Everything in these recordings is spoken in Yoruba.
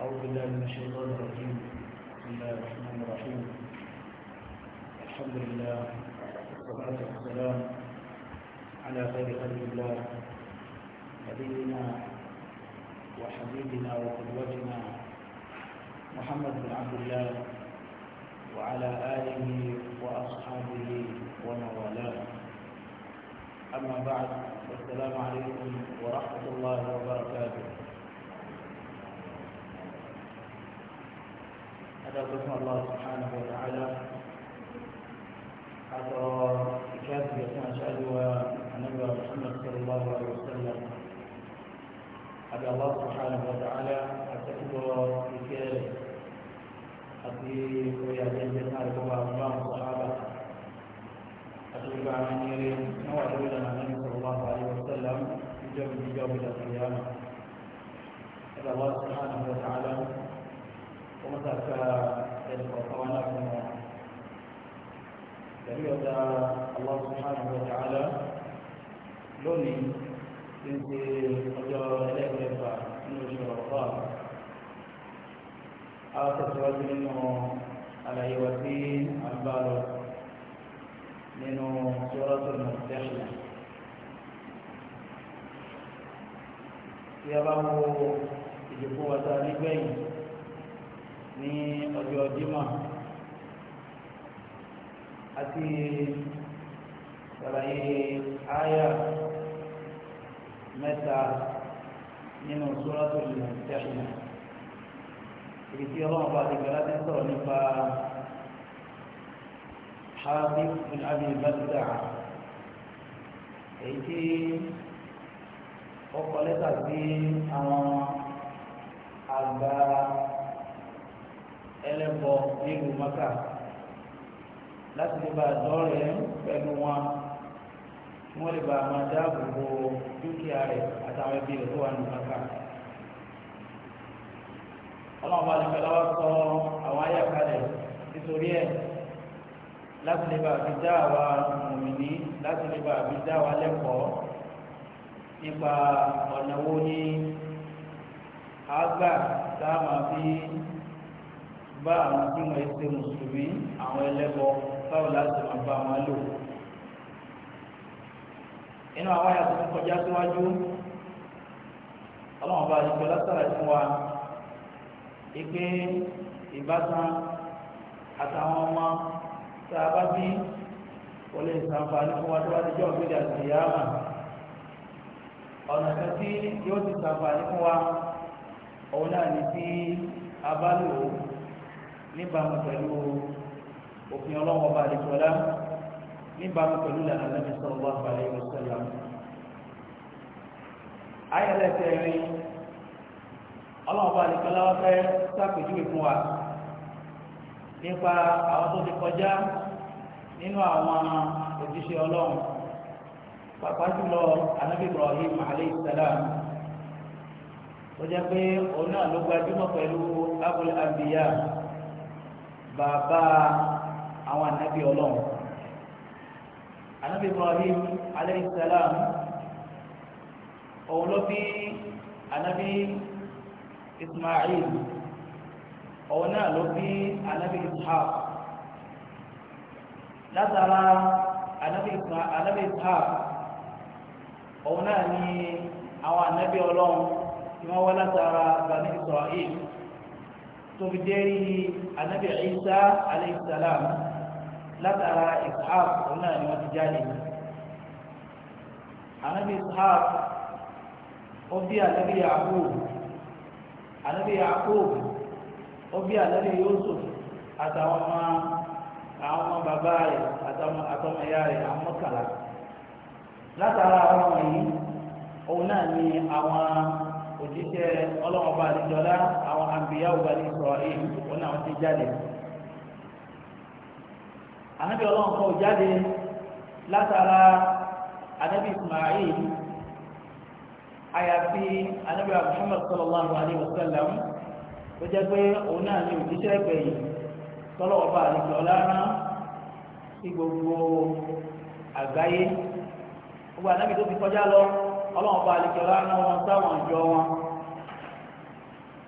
أعوذ بالله من الشيطان الرجيم بسم الله الرحمن الرحيم الحمد لله والصلاة والسلام على خير خلق الله نبينا وحبيبنا وقدوتنا محمد بن عبد الله وعلى آله وأصحابه ومن والاه أما بعد السلام عليكم ورحمة الله وبركاته أدركنا الله سبحانه وتعالى حتى كاتب يسمع شهدوا النبي محمد صلى الله عليه وسلم حتى الله سبحانه وتعالى حتى أتكبر بكاره أتي ويأتي بسنا لكم أمام الصحابة أتبع من يرين نوع دولنا النبي صلى الله عليه وسلم يجب يجب إلى القيامة أبي الله سبحانه وتعالى kuma ta ka ɗan kwakwa na kuma dari wata Allah subhanahu wa ta'ala lónìí tí ń ṣe ọjọ́ ẹlẹ́gbẹ̀ẹ́fà nínú oṣù ọ̀pá a tẹ̀síwájú nínú àlàyé wa sí àgbàlọ́ nínú suratul Mumtahina tí a bá wo ìdìbò wa ta nígbẹ̀yìn ní ọjọ́ Jímọ̀ àti sàlàyé àyà mẹ́ta nínú Suratul Mumtahina èyí tí ọlọ́run bá ti gbẹ́lá ti sọ̀rọ̀ nípa Habib bin Abi Balta'a èyí tí ó lẹ́tà sí àwọn àgbà ẹlẹ́bọ nílùú maka láti lè bá dọ́ọ̀rẹ́ pẹ̀lú wọn kí wọ́n lè bá máa dáàbò bo dúkìá rẹ̀ àtàwọn ẹbí rẹ̀ tó wà ní maka. ọlọ́run bá nípa lọ́wọ́ sọ àwọn ayàkálẹ̀ nítorí ẹ̀ láti lè bá fi dá àwa mùmìnì láti lè bá fi dá àwa lẹ́kọ̀ọ́ nípa ọ̀nà wo ni àgbà tá a máa fi bá àwọn tí wọ́n ṣe mùsùlùmí àwọn ẹlẹ́bọ báwo láti máa bá wọn lò. inú àwọn àyà tó kọjá síwájú ọlọ́run bá ìjọ lásàrà fún wa ìpè ìbátan àtàwọn ọmọ tá a bá bí kò lè ṣàǹfààní fún wa tó bá ti jẹ́ òkèlè àti ìyá àmà ọ̀nà kan tí yóò ti ṣàǹfààní fún wa òun náà ní tí a níbàámu pẹ̀lú òfin ọlọ́wọ́ bá àdìsọ́lá níbàámu pẹ̀lú lànà nàbì sallallahu alaihi wasallam. ayẹlẹ tẹ̀rí ọlọ́wọ́ bá àdìsọ́lá wọn fẹ́ sàpèjúwe fún wa nípa àwọn tó ti kọjá nínú àwọn òjíṣẹ́ ọlọ́run pàápàá jùlọ anábì Ibrahim alayhi salam ó jẹ́ pé òun náà ló gbajúmọ̀ pẹ̀lú abul anbiya bàbá àwọn ànábì ọlọ́run ànábì Ibrahim alayhi salam òun ló bí ànábì Ismail òun náà ló bí ànábì Ishaq látara ànábì Ishaq òun náà ni àwọn ànábì ọlọ́run ni wọ́n wá látara Bani Israel tóbi dérí anabi isa aleyhisalaam látara ishaq òun náà ni wọ́n ti jáde anabi ishaq ó bí anabi yaakub anabi yaakub ó bí anabi yusuf àtàwọn ọmọ àwọn ọmọ bàbá rẹ̀ àtàwọn ọmọ ìyá rẹ̀ àwọn mọ́kànlá látara àwọn ọmọ yìí òun ni àwọn. òjíṣẹ́ ọlọ́wọ́n bá àdìjọ́lá àwọn àbíyáwó ní Israel wọn náà ti jáde. ànábì ọlọ́wọ́n kọ́ jáde látara ànábì Ismail àyàfi ànábì Muhammad sallallahu alayhi wa sallam ó jẹ́ pé òun náà ní òjíṣẹ́ ìgbẹ̀yìn tọ́lọ́wọ́n gbogbo àgbáyé gbogbo anabi tó fi kọjá lọ. ọlọ́run bá àlejòlá ná wọn sáwọn ìjọ wọn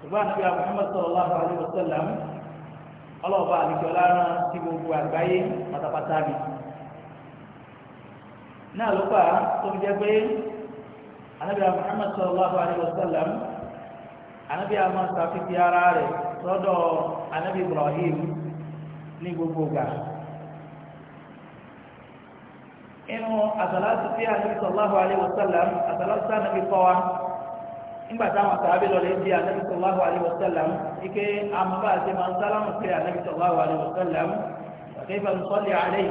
ṣùgbọ́n àti Muhammad sallallahu alaihi wasallam ọlọ́run bá àlejòlá ná sí gbogbo àgbáyé pátápátá mi náà ló pa tó ń jẹ́ pé anabi Muhammad sallallahu alaihi wasallam anabi amasa fífi ara rẹ̀ lọ́dọ̀ anabi Ibrahim ní gbogbo gbàgbà inú àtàlásì tí a níbi sallallahu alaihi wasallam àtàlásì tá a níbi kọ́ wa nígbà táwọn sàábì lọ lè di ànábi sallallahu alaihi wasallam ike àmàbà àti màá sálámù sí ànábi sallallahu alaihi wasallam ọ̀kẹ́ ìfẹ́ nùsọ́lì àlẹ́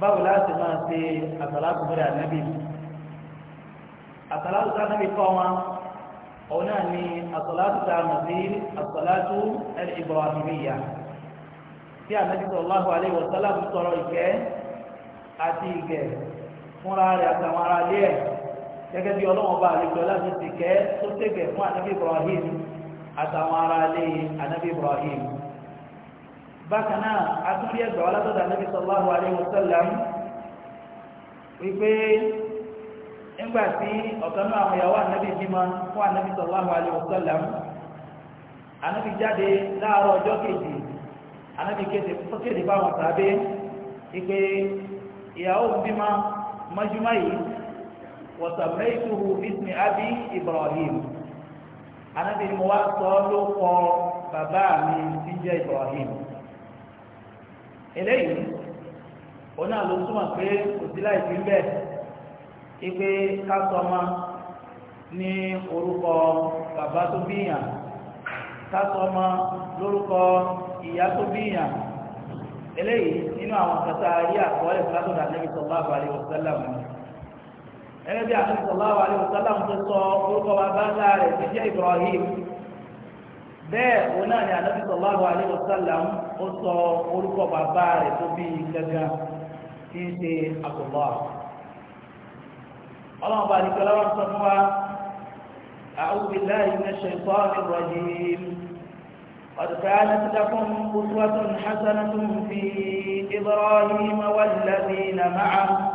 báwo láti máa ṣe àtàlásì mọ́ra ànábi àtàlásì tá a níbi kọ́ wa òun náà ni àtàlásì tá a mọ̀ sí àtàlásì al-Ibrahimiyya tí ànábi sallallahu alaihi wasallam sọ̀rọ̀ ìkẹ́ àti ìgẹ̀ fúnra rẹ̀ àtàwọn ara ilé ẹ̀ gẹ́gẹ́ bí ọlọ́wọ́n bá àlejò láti ti kẹ́ tó tẹ̀gẹ̀ fún ànábì Ibrahim àtàwọn ara ilé ànábì Ibrahim bákan náà atúndí ẹgbà wa látọ̀dọ̀ ànábì sallallahu alaihi wasallam wípé nígbà tí ọ̀kan náà àwọn ìyàwó ànábì bímọ fún ànábì ànábì jáde láàárọ̀ ọjọ́ kejì ànábì fún báwọn tàbí ìyàwó bímọ mọ́júmọ́ yìí wọ̀sàmẹ́tùhù bísí abi ibrahim anábì ni mo wá sọ ló kọ bàbá mi ti jẹ́ ibrahim eléyìí òun náà ló túmọ̀ pé kò sí láì fi ipe ká ní orúkọ bàbá tó bíyàn ká lórúkọ ìyá tó bíyàn eléyìí nínú àwọn kata ayé àkọọ́lẹ̀ fúlátọ̀dà Ànábì sallallahu alaihi wasallam ẹgbẹ́ bí Ànábì sallallahu alaihi wasallam ti sọ orúkọ bàbá ńlá rẹ̀ ti jẹ́ Ibrahim bẹ́ẹ̀ òun náà ni Ànábì sallallahu alaihi wasallam ó sọ orúkọ bàbá rẹ̀ tó bí gẹ́gẹ́ tí ń ṣe àkùnbọ̀ ọlọ́run bá nìkan lọ́wọ́ sọ fún wa a'udhu billahi minash shaitanir rajim قد كانت لكم أسوة حسنة في إبراهيم والذين معه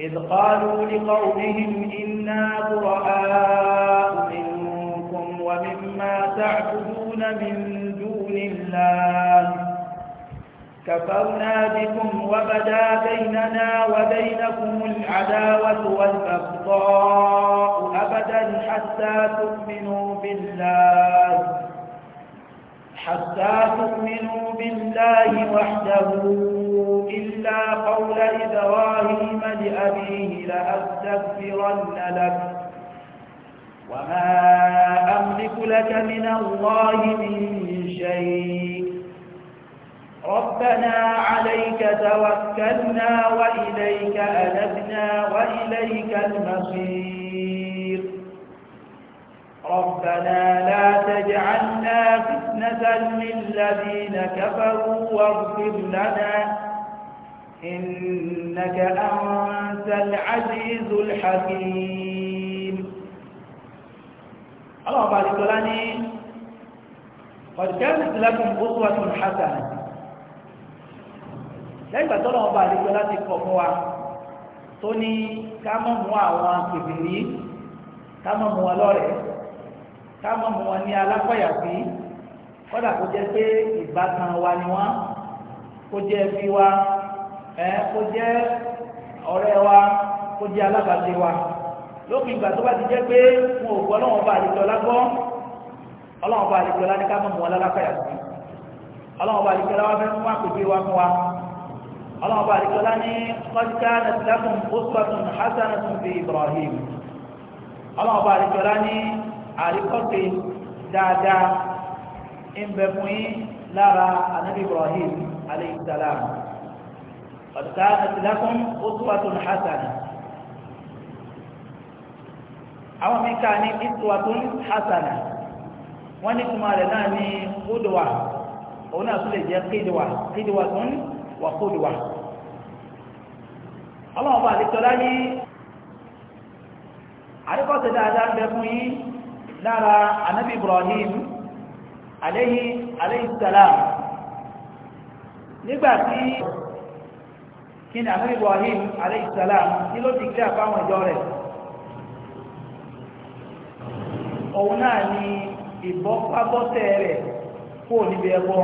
إذ قالوا لقومهم إنا براء منكم ومما تعبدون من دون الله كفرنا بكم وبدا بيننا وبينكم العداوة والبغضاء أبدا حتى تؤمنوا بالله حتى تؤمنوا بالله وحده إلا قول إبراهيم لأبيه لأستغفرن لك وما أملك لك من الله من شيء ربنا عليك توكلنا وإليك أنبنا وإليك المصير ربنا لا تجعلنا فتنة للذين كفروا واغفر لنا إنك أنت العزيز الحكيم الله بارك لنا قد كانت لكم أسوة حسنة lẹ́gbà tó lọ́wọ́ bá àlejò láti kọ̀ fún wa tó ní ká mọ̀ káàmọ́ mọ́ wọn ní alákọ̀yà sí kọ́dà kó jẹ́ pé ìbátan wa ni wọ́n kó jẹ́ ẹbí wa ẹ kó jẹ́ ọ̀rẹ́ wa kó jẹ́ alábàáṣe wa lópin ìgbà tó bá ti jẹ́ pé wọn ò gbọ́ ọlọ́wọ́n bá àlejò ọlá gbọ́ ọlọ́wọ́n bá àlejò ọlá ní káàmọ́ mọ́ wọn lálákọ̀yà sí ọlọ́wọ́n bá àlejò ọlá wá fẹ́ fún àpèjì wa fún wa ọlọ́wọ́n bá àlejò ọlá ní kọ́ńtà nàìjíríà fún uswatun hasanatun fi Ibrahim ọlọ́wọ́n bá àlejò ọlá ní àríkọ́sí dáadáa ń bẹ fún yín lára anabi ibrahim alayhi salam ọ̀dùká àtìlákùn uswatun hasana àwọn mẹ́ka ní uswatun hasana wọ́n ní kùmà rẹ̀ náà ní kúdùwà òun náà tún lè jẹ́ kídùwà kídùwà tún wà kúdùwà ọlọ́run bá àdìsọ́lá ní àríkọ́sí dáadáa ń lára anábì Ibrahim alayhi alayhi salam nígbà tí kí ni anábì Ibrahim alayhi salam kí ló ti kílẹ̀ fáwọn ìjọ rẹ̀ òun náà ni ìbọ́pábọ́tẹ̀ rẹ̀ kó níbi ẹbọ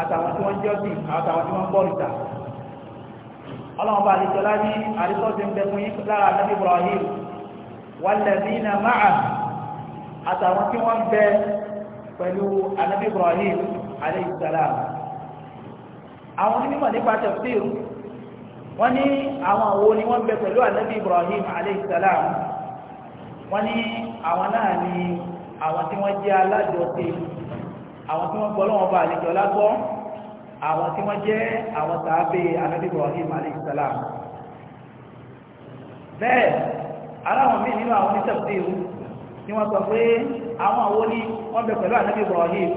àtàwọn tí wọ́n jọ́sìn àtàwọn tí wọ́n bọ́ ìta ọlọ́run bá àdìsọ́lá ní àdìsọ́sìn bẹ̀kùn yín lára anábì Ibrahim wal ladina ma'a àtàwọn tí wọ́n ń bẹ pẹ̀lú anabi ibrahim alayhi salam àwọn onímọ̀ nípa tafsir wọ́n ní àwọn àwo ni wọ́n ń bẹ pẹ̀lú anabi ibrahim alayhi salam wọ́n ní àwọn náà ni àwọn tí wọ́n jẹ́ alájọṣe àwọn tí wọ́n gbọ́ lọ́wọ́ bá àlejò lágbọ́ àwọn tí wọ́n jẹ́ àwọn tàbí anabi ibrahim aleyhisselam bẹ́ẹ̀ aláwọn míì nínú àwọn onítẹ̀síru tí wọ́n sọ pé àwọn àwọn ní wọ́n bẹ pẹ̀lú ànábì Ibrahim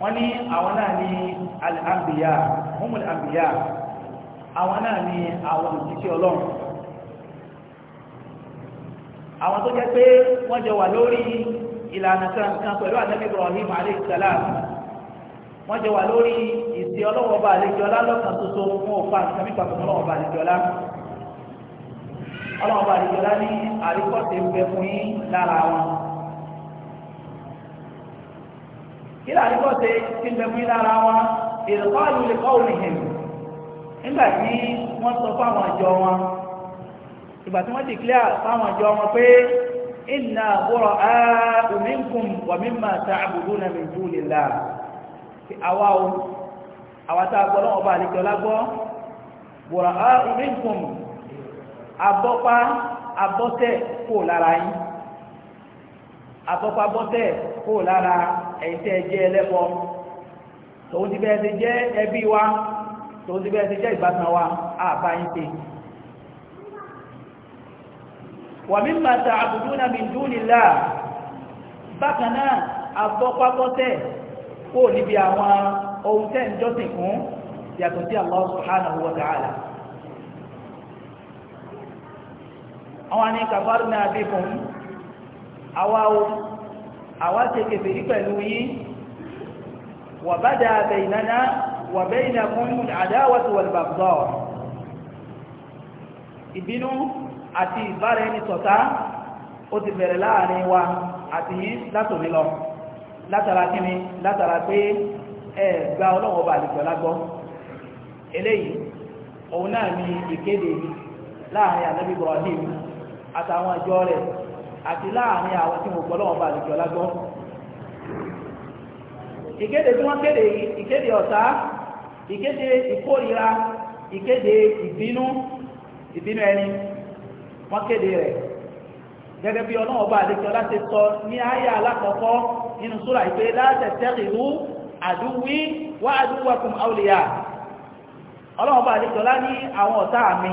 wọ́n ní àwọn náà ní al-anbiya humul anbiya àwọn náà ní àwọn òjíṣẹ́ ọlọ́run àwọn tó jẹ́ pé wọ́n jọ wà lórí ìlànà kan pẹ̀lú ànábì Ibrahim alayhi salam wọ́n jọ wà lórí ìsìn ọlọ́wọ́ bá àlejò ọlá lọ́kàn tuntun fún òfà ìsàmì ọlọ́run bá àdìjọlá ní àríkọ́tẹ̀ ń bẹ fún yín lára wọn kí ló àríkọ́tẹ̀ ti ń bẹ fún yín lára wọn ìrìkọ́ ìlú lè kọ́ òní hìn nígbà tí wọ́n sọ fáwọn àjọ wọn ìgbà tí wọ́n ti clear fáwọn àjọ wọn pé inna bura'a'u minkum wa mimma ta'buduna min dunillah àwa o àwa tá a gbọ́ lọ́wọ́ bá àdìjọlá gbọ́ bura'a'u minkum abọ́pá abọ́tẹ̀ kò lára yín abọ́pá bọ́tẹ̀ kò lára ẹ̀yin tẹ́ ẹ jẹ́ ẹlẹ́bọ tòun ti bẹ́ẹ̀ ti jẹ́ ẹbí wa tòun ti bẹ́ẹ̀ ti jẹ́ ìbátan wa àbá yín pé wa mimma ta'buduna min dunillah bákan náà abọ́pá bọ́tẹ̀ kò níbi àwọn ohun tẹ́ ń jọ́sìn fún yàtọ̀ sí Allah subhanahu wa ta'ala. àwọn ni kafarna bikum àwa o àwa ṣe kèfèrí pẹ̀lú yín wa bada baynana wa baynakum al-adawatu wal-baghdha ìbínú àti ìbára ẹni ṣọ̀tá ó ti bẹ̀rẹ̀ láàrin wa àti yín látòrí lọ látara kíni látara pé ẹ gba ọlọ́wọ́ bá àlùfẹ́ lágbọ́ eléyìí òun náà ni ìkéde láàrin ànábì Ibrahim àtàwọn ìjọ rẹ̀ àti láàrin àwọn tí wọ́n gbọ́ lọ́wọ́ bá àlejò lágbọ́ ìkéde tí wọ́n kéde ìkéde ọ̀tá ìkéde ìkórira ìkéde ìbínú ìbínú ẹni wọ́n kéde rẹ̀ gẹ́gẹ́ bí ọlọ́wọ́ bá àlejò láti sọ ní àyà alákọ̀ọ́kọ́ nínú súra ìpè látẹ̀tẹ̀rìlú àdúwí wá àdúwàkùn àwòlìyà ọlọ́wọ́ bá àlejò lá ní àwọn ọ̀tá mi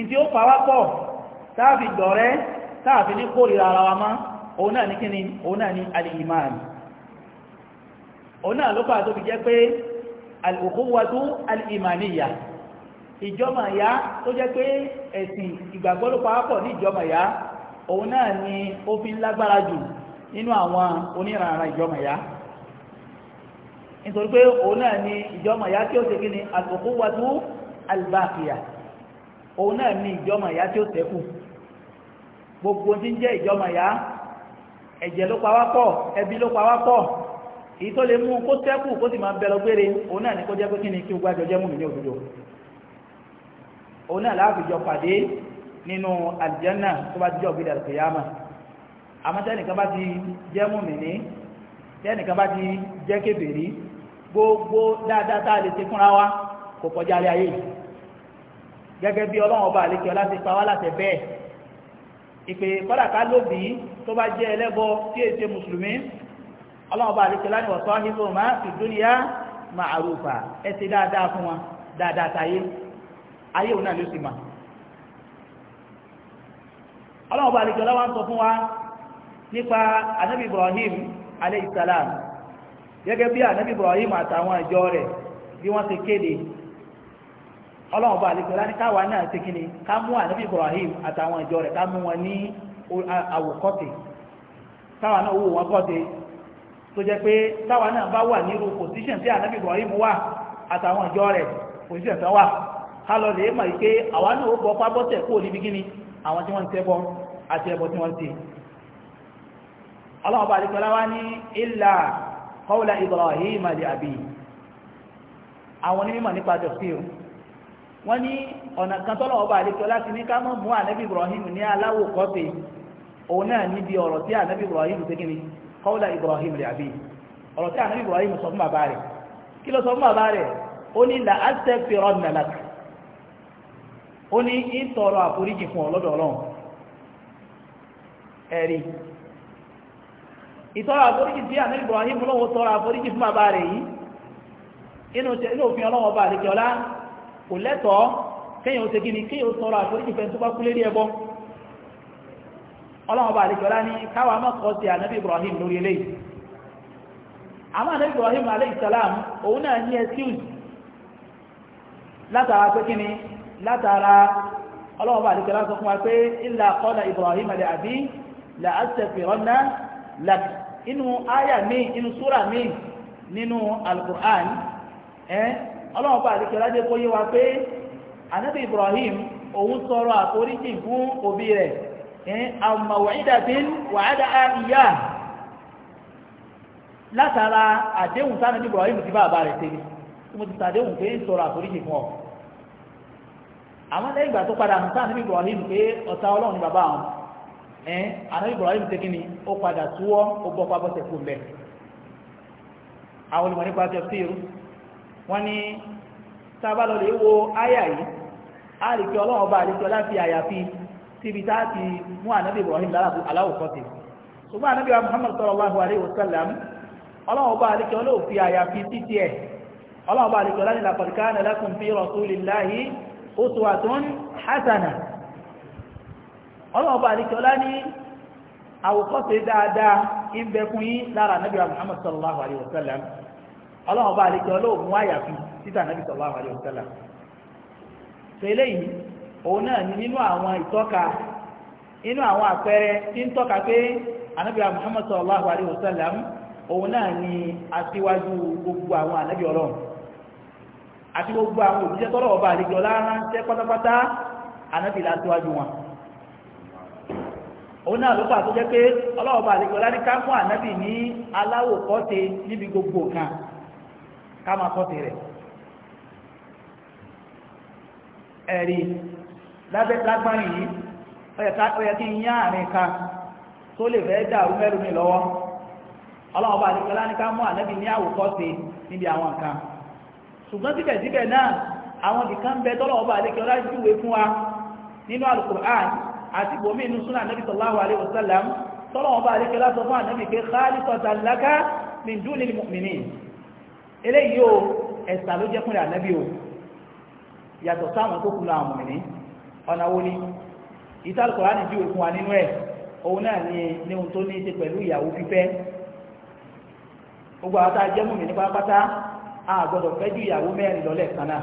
ìtí ó pàwápọ̀ táàfi dọ̀rẹ́ táàfi ní kórìíra ara wa má òun náà ní kíni òun náà ní al-iman òun náà ló pàá tó fi jẹ́ pé al-ukhuwatu al-imaniyya ìjọmọ̀ ìyá tó jẹ́ pé ẹ̀sìn ìgbàgbọ́ ló pàwápọ̀ ní ìjọmọ̀ ìyá òun náà ni ó fi lágbára jù nínú àwọn oníranra ìjọmọ̀ ìyá nítorí pé òun náà ni ìjọmọ̀ ìyá tí ó ṣe kíni al-ukhuwatu al òun náà ní ìjọmọ̀ ìyá tí ó tẹ́kù gbogbo tí ń jẹ́ ìjọmọ̀ ìyá ẹ̀jẹ̀ ló pa wá pọ̀ ẹbí ló pa wá pọ̀ èyí tó lè mú kó tẹ́kù kó sì máa bẹ lọ gbére òun náà ní kó jẹ́ pé kí ni kí o gbájọ jẹ́ mú mi ní òdodo òun náà láàfijọ pàdé nínú àlìjánà tó bá jọ gbéra kìyàmà àmọ́ tẹ́nìkan bá ti jẹ́ mú mi ní tẹ́nìkan bá ti jẹ́ kébèrè gbogbo dáadáa tá a lè ṣe fúnra wa kò kọjá alẹ́ ayé yìí gẹ́gẹ́ bí ọlọ́run ọba àlejò láti pa wá láti bẹ́ẹ̀ ìpè kọ́dàká lóbi tó bá jẹ́ ẹlẹ́bọ tí èsì mùsùlùmí ọlọ́run ọba àlejò láti wọ̀ sọ́ọ́ nínú ọmọ ìdúnìyà màrúfà ẹ ti dáadáa fún wọn dáadáa táyé ayé òun náà ló sì mà ọlọ́run ọba àlejò láwọn sọ fún wa nípa anabi Ibrahim aleyhisalaam gẹ́gẹ́ bí anabi Ibrahim àtàwọn ìjọ rẹ̀ bí wọ́n ti kéde ọlọ́run bá àlejò láti káwa náà ti kí ni ká mú ànábì Ibrahim àtàwọn ìjọ rẹ̀ ká mú wọn ní àwòkọ́tì káwa náà wò wọn kọ́tì tó jẹ́ pé táwa náà bá wà nírú position tí ànábì Ibrahim wà àtàwọn ìjọ rẹ̀ position tán wà ká lọ lè mọ̀ pé àwa náà ó bọ́ pábọ́tẹ̀ kúrò níbi kí ni àwọn tí wọ́n ń tẹ́bọ́ àti ẹbọ tí wọ́n ń ọlọ́run bá àlejò láwa ní ilà kọ́wùlà Ibrahim àdìàbì àwọn onímọ̀ nípa jọ̀síù wọ́n ní ọ̀nà kan tọ́lọ̀ ọba àlejò láti ní ká mọ̀ mú ànábì ibrahim ní aláwò kọ́tẹ̀ òun náà níbi ọ̀rọ̀ tí ànábì ibrahim ṣe kíni ibrahim rẹ̀ àbí ọ̀rọ̀ tí ànábì ibrahim sọ fún bàbá rẹ̀ kí ló sọ fún bàbá rẹ̀ ó ní là fi ó ní àforíjì fún ọlọ́run ẹ̀rí àforíjì tí ibrahim lọ́wọ́ àforíjì fún bàbá rẹ̀ yìí inú òfin kò lẹ́tọ̀ọ́ kéèyàn ó ṣe kí ni kéèyàn ó tọrọ àforíjì fẹ́ tó bá kú lérí ẹbọ ọlọ́run ọba àlejòlá ní káwa mọ́kọ́ sí ànábì Ibrahim lórí eléyìí àmọ́ ànábì Ibrahim aleyhisalaam òun náà ní excuse látara pé kí látara ọlọ́run ọba sọ fún wa pé illa qala Ibrahim li abi la ọlọ́run bá àdìkẹ́ ládé kó yé wa pé anabi ibrahim òun tọrọ àforíjì fún òbí rẹ̀ àmàwàídàtín wàádà ìyá látara àdéhùn sáà nàbí ibrahim ti bá àbá rẹ̀ tẹ́lẹ̀ mo ti sàdéhùn pé ń tọrọ àforíjì fún ọ àwọn lẹ́yìn ìgbà tó padà hàn sáà nàbí ibrahim pé ọ̀tá ọlọ́run ni bàbá àwọn ẹn anabi ibrahim ti kí ni ó padà túwọ́ ó bọ́ pa fún bẹ́ẹ̀ àwọn olùmọ̀ nípa tẹ̀síìrù wọ́n ní tábàlọ́lẹ̀ wo áyà yìí a rí kí ọlọ́run bá àríkí ọlá fi àyàfi síbi tá ti mú ànábì Ibrahim aláwòkọ́tì ṣùgbọ́n ànábì Muhammad sallallahu alaihi wasallam ọlọ́run bá àríkí ọlọ́ fi àyàfi títí ẹ̀ ọlọ́run bá àríkí ọlá ní laqad kana lakum fi rasulillahi uswatun hasana ọlọ́run bá àríkí ọlá ní àwòkọ́tì dáadáa ń bẹ fún yín lára ànábì sallallahu alaihi wasallam ọlọ́run bá àlejò ọlọ́run wá títà nàbì sallallahu alaihi wasallam tó yìí òun náà ni nínú àwọn ìtọ́ka inú àwọn àpẹẹrẹ tí ń tọ́ka pé ànábì Muhammad sallallahu alaihi wasallam òun náà ni aṣíwájú gbogbo àwọn àti gbogbo àwọn òjíṣẹ́ pátápátá wọn òun náà ló fún ní ká máa kọ́ tirẹ̀ ẹ̀rí lágbárin yìí ó yẹ kí n yá àárín kan tó lè fẹ́ dàrú mẹ́rù mi lọ́wọ́ ọlọ́run bá nìkan láníká mú ànábì ní àwòkọ́ṣe níbi àwọn nǹkan ṣùgbọ́n síbẹ̀síbẹ̀ náà àwọn nìkan ń bẹ tọ́lọ́run bá nìkan lájúwe fún wa nínú alukur'an àti bòmí inú súnà ànábì sallallahu alaihi wasallam tọ́lọ́run bá nìkan lásọ fún ànábì pé khalisatan laka min eléyìí o ẹ̀sà ló jẹ́ fúnra ànábì o yàtọ̀ sáwọn tó kúnlọ àwọn ọ̀nà wo ni ìtàlùkọ̀rá ní bí òkun wa nínú ẹ̀ òun náà ní ohun tó ní í pẹ̀lú ìyàwó fífẹ́ gbogbo àwọn tá a jẹ́ mú mi ní pátápátá a gbọ́dọ̀ fẹ́ ju ìyàwó mẹ́rin lọ lẹ́ẹ̀kan náà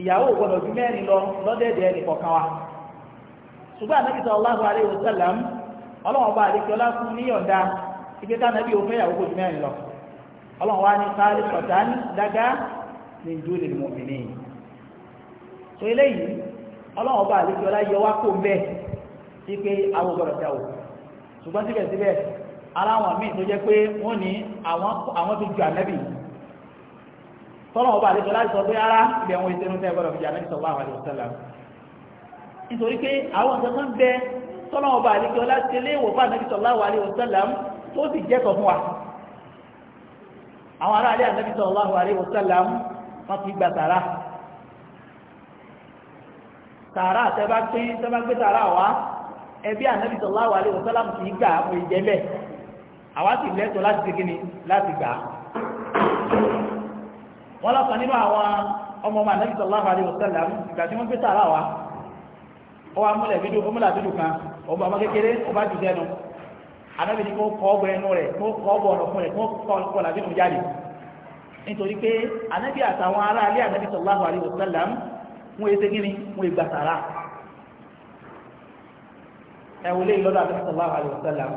ìyàwó gbọ́dọ̀ ju mẹ́rin lọ lọ́dẹ̀ẹ̀dẹ̀ wa ṣùgbọ́n ọlọ́run wá ní sáré sọ̀tán dágá ní dúró lè mọ̀ mí ní. tó eléyìí ọlọ́run ọba àlejò ọlá yọ wá kó bẹ́ẹ̀ sí pé àwọn gbọ́dọ̀ dà wò ṣùgbọ́n síbẹ̀síbẹ̀ aláwọn míì tó jẹ́ pé wọ́n ní àwọn tó ju ànábì tọ́lọ̀ ọba àlejò láti sọ pé ara ibẹ̀ àwọn ìṣẹ́nu tẹ́ gbọ́dọ̀ fi ànábì sọ̀rọ̀ àwọn àlejò sẹ́lá nítorí pé àwọn nǹkan kan bẹ tọ́lọ̀ ọba àlejò láti àwọn ará alẹ́ ànábì sallallahu alaihi wasallam wọ́n ti gba tààrà tààrà tẹ́bá pé tẹ́bá gbé tààrà wá ẹbí ànábì sallallahu alaihi wasallam kì í gbà àwọn ìjẹ́lẹ̀ àwa sì lẹ́tọ̀ọ́ láti ṣe kíni láti gbà wọ́n lọ́kàn nínú àwọn ọmọ ọmọ ànábì sallallahu alaihi wasallam ìgbà tí wọ́n gbé tààrà wá ó wá múlẹ̀ fídíò ó kan ọmọ kékeré ó bá jù sẹ́nu anábì ni kò kọ́ ọgbọ ẹnu rẹ̀ kò kọ́ ọgbọ ọ̀nà fún rẹ̀ kò kọ́ ọkọ làbí nù jáde nítorí pé anábì àtàwọn ará alẹ́ anábì sallallahu alaihi wasallam wọn èsè kíni wọn ìgbà sàrà ẹ̀wọ̀n lé ìlọ́dọ̀ anábì sallallahu alaihi wasallam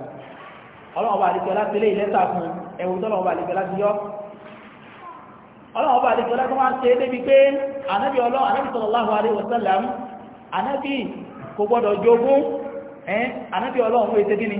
ọlọ́wọ́n bá àdìgbẹ́ láti lé ìlẹ́sà fún ẹ̀wọ̀n tọ́lọ́wọ́n bá àdìgbẹ́ láti yọ ọlọ́wọ́n bá àdìgbẹ́ láti wọ́n ṣe é débi pé anábì ọlọ́wọ́ anábì sallallahu alaihi wasallam anábì kò gbọ́dọ̀ jogún ẹ̀ anábì ọlọ́wọ́n èsè kíni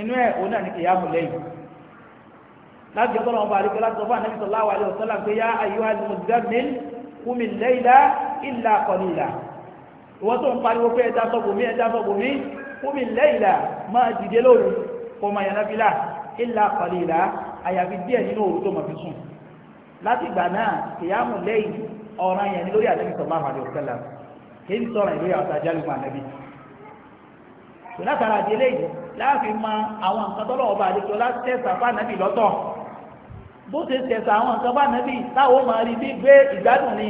inú ẹ̀ òun náà ní kìyàmù lẹ́yìn láti ọgbọ́n ọba àríkẹ́ láti ọba ànábì sallallahu alaihi wasallam pé yá ayyuha al-muddaththir qumil layla illa qalila ìwọ́n tó ń pariwo pé ẹja sọ bòmí ẹja sọ bòmí qumil layla máa dìde lóru kò máa yànnà fílà illa àyàfi díẹ̀ nínú òru tó máa fi sùn láti ìgbà náà kìyàmù lẹ́yìn ọ̀ràn yẹn lórí ànábì sallallahu alaihi wasallam látara di eléyìí láàfin ma àwọn nǹkan tọ́lọ́ ọba àdéjọ láti tẹ̀sà fáànàbì lọ́tọ̀ bó ṣe tẹ̀sà àwọn nǹkan fáànàbì táwọn máa rí bí gbé ìgbádùn ni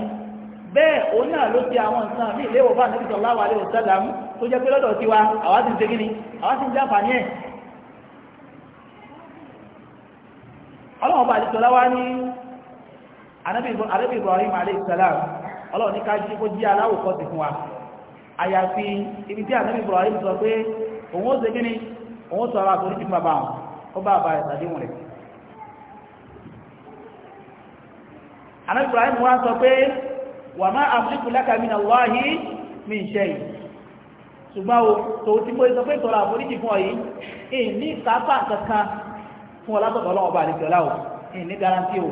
bẹ́ẹ̀ òun náà ló ti àwọn nǹkan bí ilé ìwọ̀n fáànàbì sallallahu alaihi wasallam tó jẹ́ pé lọ́dọ̀ tiwa àwa ti ń ṣe kíni àwa ti ń jàǹfààní ẹ̀ ọlọ́run ọba àdéjọ láwa ní anábì Ibrahim alayhi salam ní ká àyàfi ibi tí àti Ibrahim sọ pé òun ó ṣe gíní òun sọ ara àtòrí bàbá àwọn ó bá bá ìsàdéhùn rẹ̀ àti Ibrahim wá sọ pé wà má àmúríkù laka min shay ṣùgbọ́n o tó ti mọ́ ìsọ pé tọ́ra àforíjì fún ọ yìí ní kápá kankan fún ọlátọ̀tọ̀ ọlọ́wọ́ bá àlejò o èyí garanti o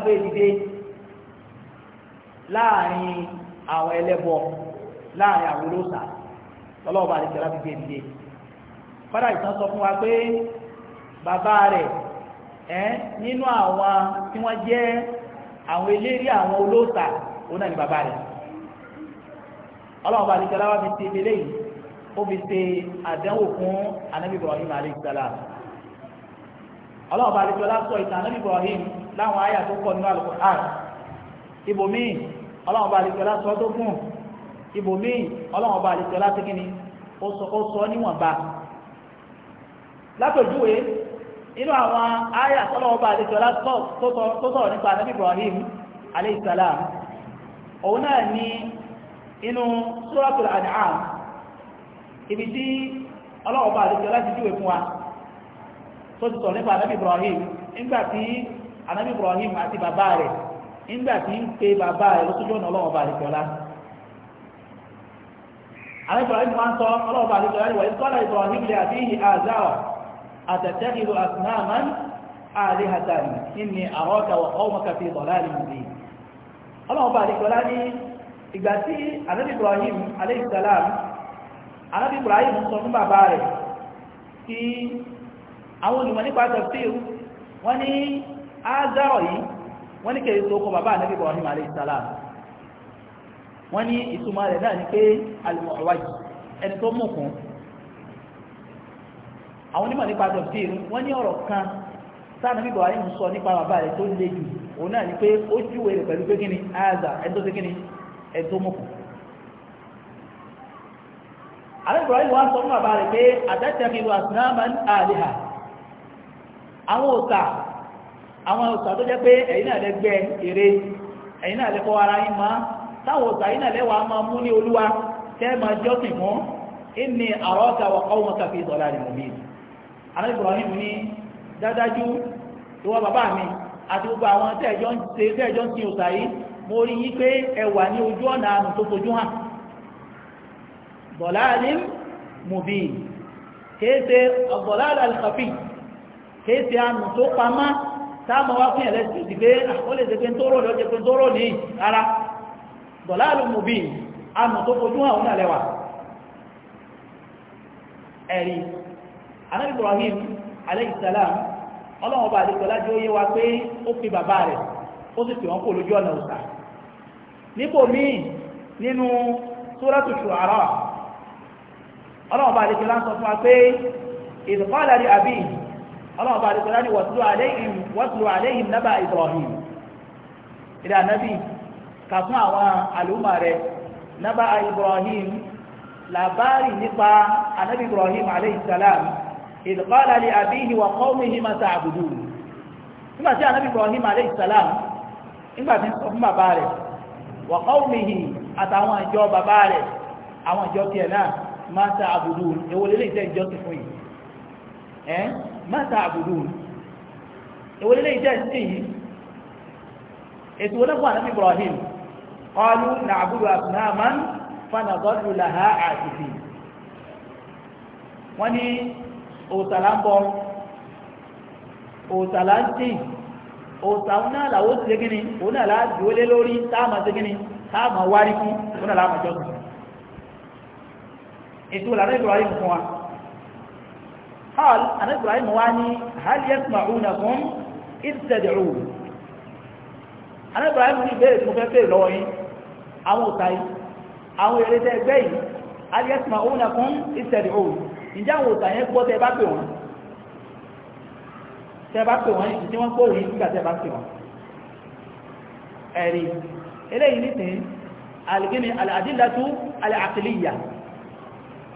gbé e ìdíde láàrin àwọn ẹlẹ́bọ láàrin àwọn olóòsà lọ́lọ́ọ̀bà àti ìjọba fi gbèdìde e fádà ìtàn sọ fún wa pé bàbá rẹ̀ ẹ́ nínú àwọn tí wọ́n jẹ́ àwọn eléri àwọn olóòsà òun náà ni bàbá rẹ̀ ọlọ́ọ̀bà àti ìjọba wa fi ti ilé yìí ó fi ṣe àdánwò fún anábì Ibrahim alayhi salam ọlọ́ọ̀bà àti ìjọba sọ ìtàn anábì Ibrahim láwọn àyà tó kọ nínú Al-Qur'an ibòmíì ọlọ́run bá àlejò láti ọdún fún ibòmíì ọlọ́run bá àlejò láti kíni ó sọ níwọ̀nba látòjúwe inú àwọn àyà tọ́lọ́run bá àlejò láti tó sọ̀rọ̀ nípa ànábì Ibrahim alayhi salam òun náà ní inú suratul An'am ibi tí ọlọ́run bá àlejò láti júwe fún wa tó ti sọ̀rọ̀ nípa ànábì Ibrahim nígbà tí ànábì Ibrahim àti bàbá rẹ̀ nígbà tí ń pe bàbá rẹ̀ lójú ọ̀nà ọlọ́wọ́ bá àdìgbọ́lá àwọn ìbọ̀lá ìmọ̀ ń sọ ọlọ́wọ́ bá àdìgbọ́lá ìwà ìsọ́lá ìbọ̀lá nílẹ̀ àti ìhì àzáwà àtẹ̀tẹ́kìlú asnaman alihatan inni araka wa qawmaka fi dalalin mubin ọlọ́wọ́ bá àdìgbọ́lá ní ìgbà tí anábì Ibrahim alayhi salam anábì Ibrahim sọ fún bàbá rẹ̀ kí àwọn olùmọ̀ nípa tafsir wọ́n ní àzáwà yìí wọ́n ní kèrè tó kọ bàbá ànábì Ibrahim alayhi salam wọ́n ní ìtumọ̀ rẹ̀ náà ni pé al-mu'awwaj ẹni tó mú kún àwọn onímọ̀ nípa tọ̀síìrù wọ́n ní ọ̀rọ̀ kan sáà ànábì Ibrahim sọ nípa bàbá rẹ̀ tó le jù òun náà ni pé ó júwe rẹ̀ pẹ̀lú pé kí ni ààzà ẹni tó ṣe kí ni ẹni tó mú kún àwọn Ibrahim wá sọ fún bàbá rẹ̀ pé àtẹ́tẹ́ kí lu àsìnáàmà àlehà àwọn òòtà àwọn ọ̀sà tó jẹ́ pé ẹ̀yin náà lẹ gbẹ́ èrè ẹ̀yin náà lẹ kọ́ ara yín máa táwọn ọ̀sà yín náà lẹ́wà á máa mú ní olúwa tẹ́ máa jọ́sìn fún ìní àrọ́ọ̀ta wà ọ̀hún kàfi ìdọ̀lá rẹ̀ mọ̀ mí. àná Ibrahim ní dájájú ìwọ bàbá mi kéèsè ọ̀dọ̀lá rẹ̀ kéèsè àrùn tó pamá táàmù wá fún ẹ̀lẹ́sì ti pé ah, ó lè jẹ́pẹ́ tó rò lọ́jẹ́ pé tó rò ní ara dọ̀láàlù mùbí àmù tó fojú àwọn ìlàlẹ́wà ẹ̀rí anábì Ibrahim aleyhisselam ọlọ́wọ́ bá àdékọ́lá jẹ́ ó yé wa pé ó fi bàbá rẹ̀ ó sì fi wọn kò lójú ọ̀nà òsà nípò míì nínú Suratu Shu'ara ọlọ́wọ́ bá àdékọ́lá ọlọ́run bá àdìsọ́lá ní wọ́túlù àléhìm wọ́túlù àléhìm nábà Ibrahim ilẹ̀ ànábì kà fún àwọn àlùmọ̀ rẹ̀ nábà Ibrahim làbárì nípa ànábì Ibrahim aleyhisalaam ìdíkọ́lá lè àbíhì wà qawmihi mata àbùdù nígbà tí ànábì Ibrahim aleyhisalaam nígbà tí sọ fún bàbá rẹ̀ wà mata àbùdù ìwò lè jẹ́ sí yìí ètò olóògùn àti Ibrahim qalu na'budu asnaman fanadhallu laha àtìsí wọ́n ní òòtàlá ń bọ òòtàlá ń tì òòtà òun náà làwọn ti ṣe kíni òun lórí táàmà ṣe kíni táàmà wárí fún òun náà ètò ìlànà Ibrahim fún wa قال أنا إبراهيم واني هل يسمعونكم إذ تدعون أنا إبراهيم ní ìbéèrè tí mo fẹ́ fẹ́ lọ́wọ́ yín àwọn òtàí àwọn èrè tẹ́ ẹgbẹ́ yìí هل يسمعونكم إذ تدعون ǹjẹ́ àwọn òtàí yẹn gbọ́ tẹ́ bá pè wọ́n tẹ́ bá pè wọ́n tí wọ́n kóòrò yìí nígbà tẹ́ bá pè wọ́n ẹ̀rí eléyìí nìsín alìgínì alàdílàtú alàkìlíyà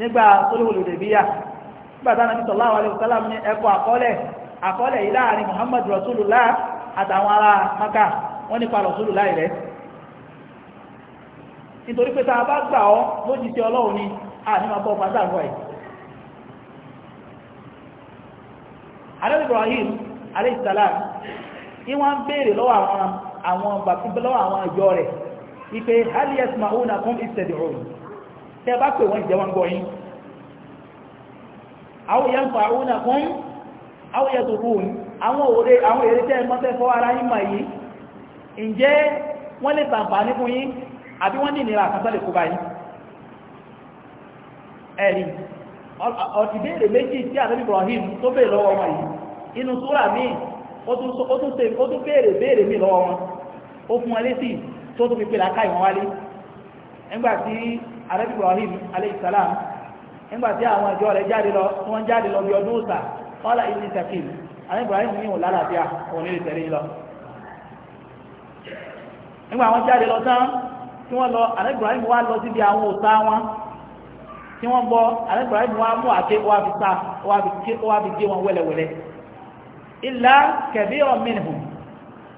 nígbà sólúwòlù dèbíyà nígbàtà nàbí sallallahu alaihi wasallam ní ẹkọ àkọọ́lẹ̀ àkọọ́lẹ̀ yìí láàrin Muhammad rasulullah àtàwọn ará maka wọ́n nípa rasulullah rẹ̀ nítorí pé tàà bá gbà ọ́ lójì sí ọlọ́run ni a ní ma bọ́ pàtàkì ẹ̀ adébí Ibrahim alayhi salam ìwọ́n béèrè lọ́wọ́ àwọn àwọn bàbá lọ́wọ́ àwọn tẹ́ bá pè wọ́n ìjẹ́wọ́n gbọ́ yín àwọn èèyàn fà áwọn náà fún àwọn èèyàn tó rùn àwọn òde àwọn èrè tẹ́ mọ́tẹ́ fọ́ ara yín mà yìí ǹjẹ́ wọ́n lè tàǹfààní fún yín àbí wọ́n ní ìnira àkàtà lè kó báyìí ẹ̀rí ọ̀tìbéèrè méjì tí àdébí Ibrahim tó béèrè lọ́wọ́ wọn yìí inú súrà míì ó tún béèrè béèrè míì lọ́wọ́ wọn ó fún wọn létí tó tún fi pè láká ìwọ̀n wálé nígbà tí alẹ́ Ibrahim alayhi salam nígbà tí àwọn ìjọ rẹ̀ jáde lọ tí wọ́n jáde lọ bí ọdún òsà ọ̀là ìlú sẹ́kìm alẹ́ Ibrahim ní òun lálàáfíà òun ní ìtẹ̀lé lọ nígbà wọn jáde lọ tán tí wọ́n lọ alẹ́ wá lọ síbi àwọn òsà wọn tí wọ́n bọ́ alẹ́ wá mú àké wá fi gé wọn wẹ́lẹ́wẹ́lẹ́ ilá kẹ̀bí ọ̀mìnìhùn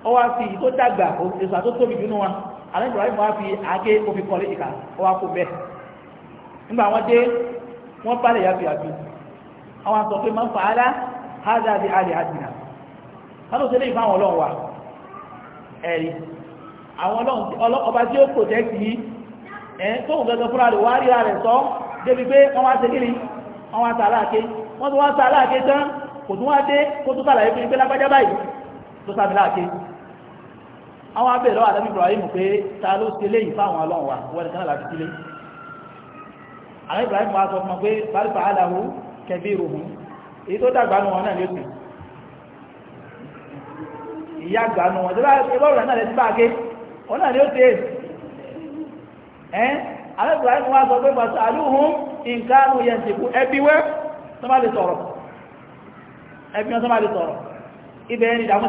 ó fi ìtó dàgbà òṣèṣà tó tóbi jù wọn alẹ́ ìgbà ìmọ̀ àfi àáké òfin kọ́ léjìká ó wá kó bẹ́ẹ̀ nígbà wọn dé wọn bá lè yàgbé àbí àwọn àtọ̀ pé máa ń fa ara hádà àti àlè àdìnà wọn tó ṣe léyìn fáwọn ọlọ́run wa ẹ̀rí àwọn ọlọ́run ọba tí ó protect yìí ẹ̀ tóun gẹ́gẹ́ fúnra rẹ̀ wá ríra rẹ̀ sọ débi pé wọ́n wá ṣe kíni wọ́n wá ta aláàké wọ́n tó wá ta aláàké tán kò tún wá dé kó tó sàlàyé fún ipé báyìí tó sàmì láàké àwọn abẹ́rẹ́ wà lábí Ibrahim pé ta ló ṣe léyìí fáwọn ọlọ́run wa wọ́n ní kanáà láti sílé àwọn Ibrahim wa sọ fún wọn pé bálùbà aláwo kẹbí ìròhùn èyí tó dàgbà nù wọn náà ní oṣù ìyá àgbà nù wọn ìjọba ìbọ̀rùn náà lẹ́sí báàgé wọn náà ní oṣù ẹ̀ àwọn Ibrahim wa sọ pé pàṣẹ àlùhùn nǹkan àrùn yẹn ti kú ẹbí wẹ́ tó má lè sọ̀rọ̀ ẹbí wọn tó má lè sọ̀rọ̀ ibẹ̀ ni ìdààmú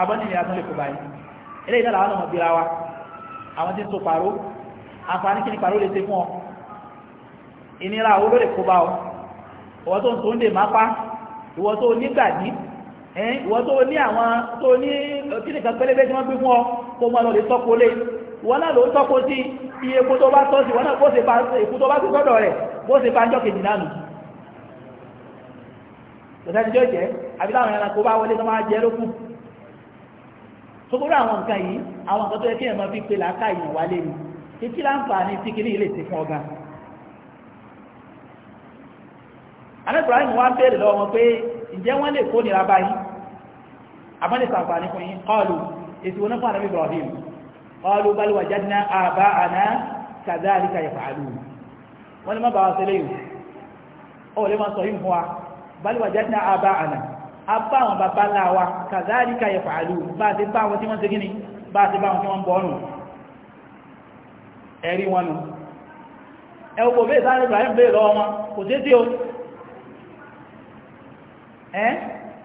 abọ́nìyàn àtúnlẹ̀ kò báyìí ilé ìdára àwọn ọmọ bíra wa àwọn tí ń so pàró àǹfààní kí ni pàró lè ṣe fún ọ ìnira àwọn olóòlè kó bá ọ ìwọ tó ń tó ń dè má pa ìwọ tó nígbàdí ìwọ tó ní àwọn tó ní kíni kan pélébé tí wọ́n gbé fún ọ kó mọ́ lọ lè tọ́kọ lé ìwọ náà ló ń tọ́kọ sí iye epo tó bá tọ́ sí ìwọ náà bó ṣe èkú tó bá tó sọ́dọ̀ rẹ̀ bó ṣe pa ń jọ́ gbogbo àwọn nǹkan yìí àwọn nǹkan tó yẹ kí ẹ̀ máa fi pe làákà ìyàn wálé ni títí láǹfààní tí kìíní ilé ti fún ọgá anábìrán wá ń béèrè lọ́wọ́ wọn pé ǹjẹ́ wọ́n lè kó nira báyìí àmọ́ lè fún yín qalu èsì wọn fún anábì Ibrahim qalu bal wajadna aba'ana kadhalika yaf'alun wọ́n lè má bàa sẹ́lẹ̀ yìí ó lè má sọ yìí fún wa bal wajadna aba'ana a àwọn bàbá láwa kàzáàrí káyẹ fàálù bá ti bá wọn tí wọ́n ti gíní bá ti bá wọn tí wọ́n bọ́ ẹ̀rí wọn nù ẹwọ́ bẹ́ẹ̀ sáré Ibrahim bẹ́ẹ̀ lọ́wọ́ wọn kò tí o ẹ́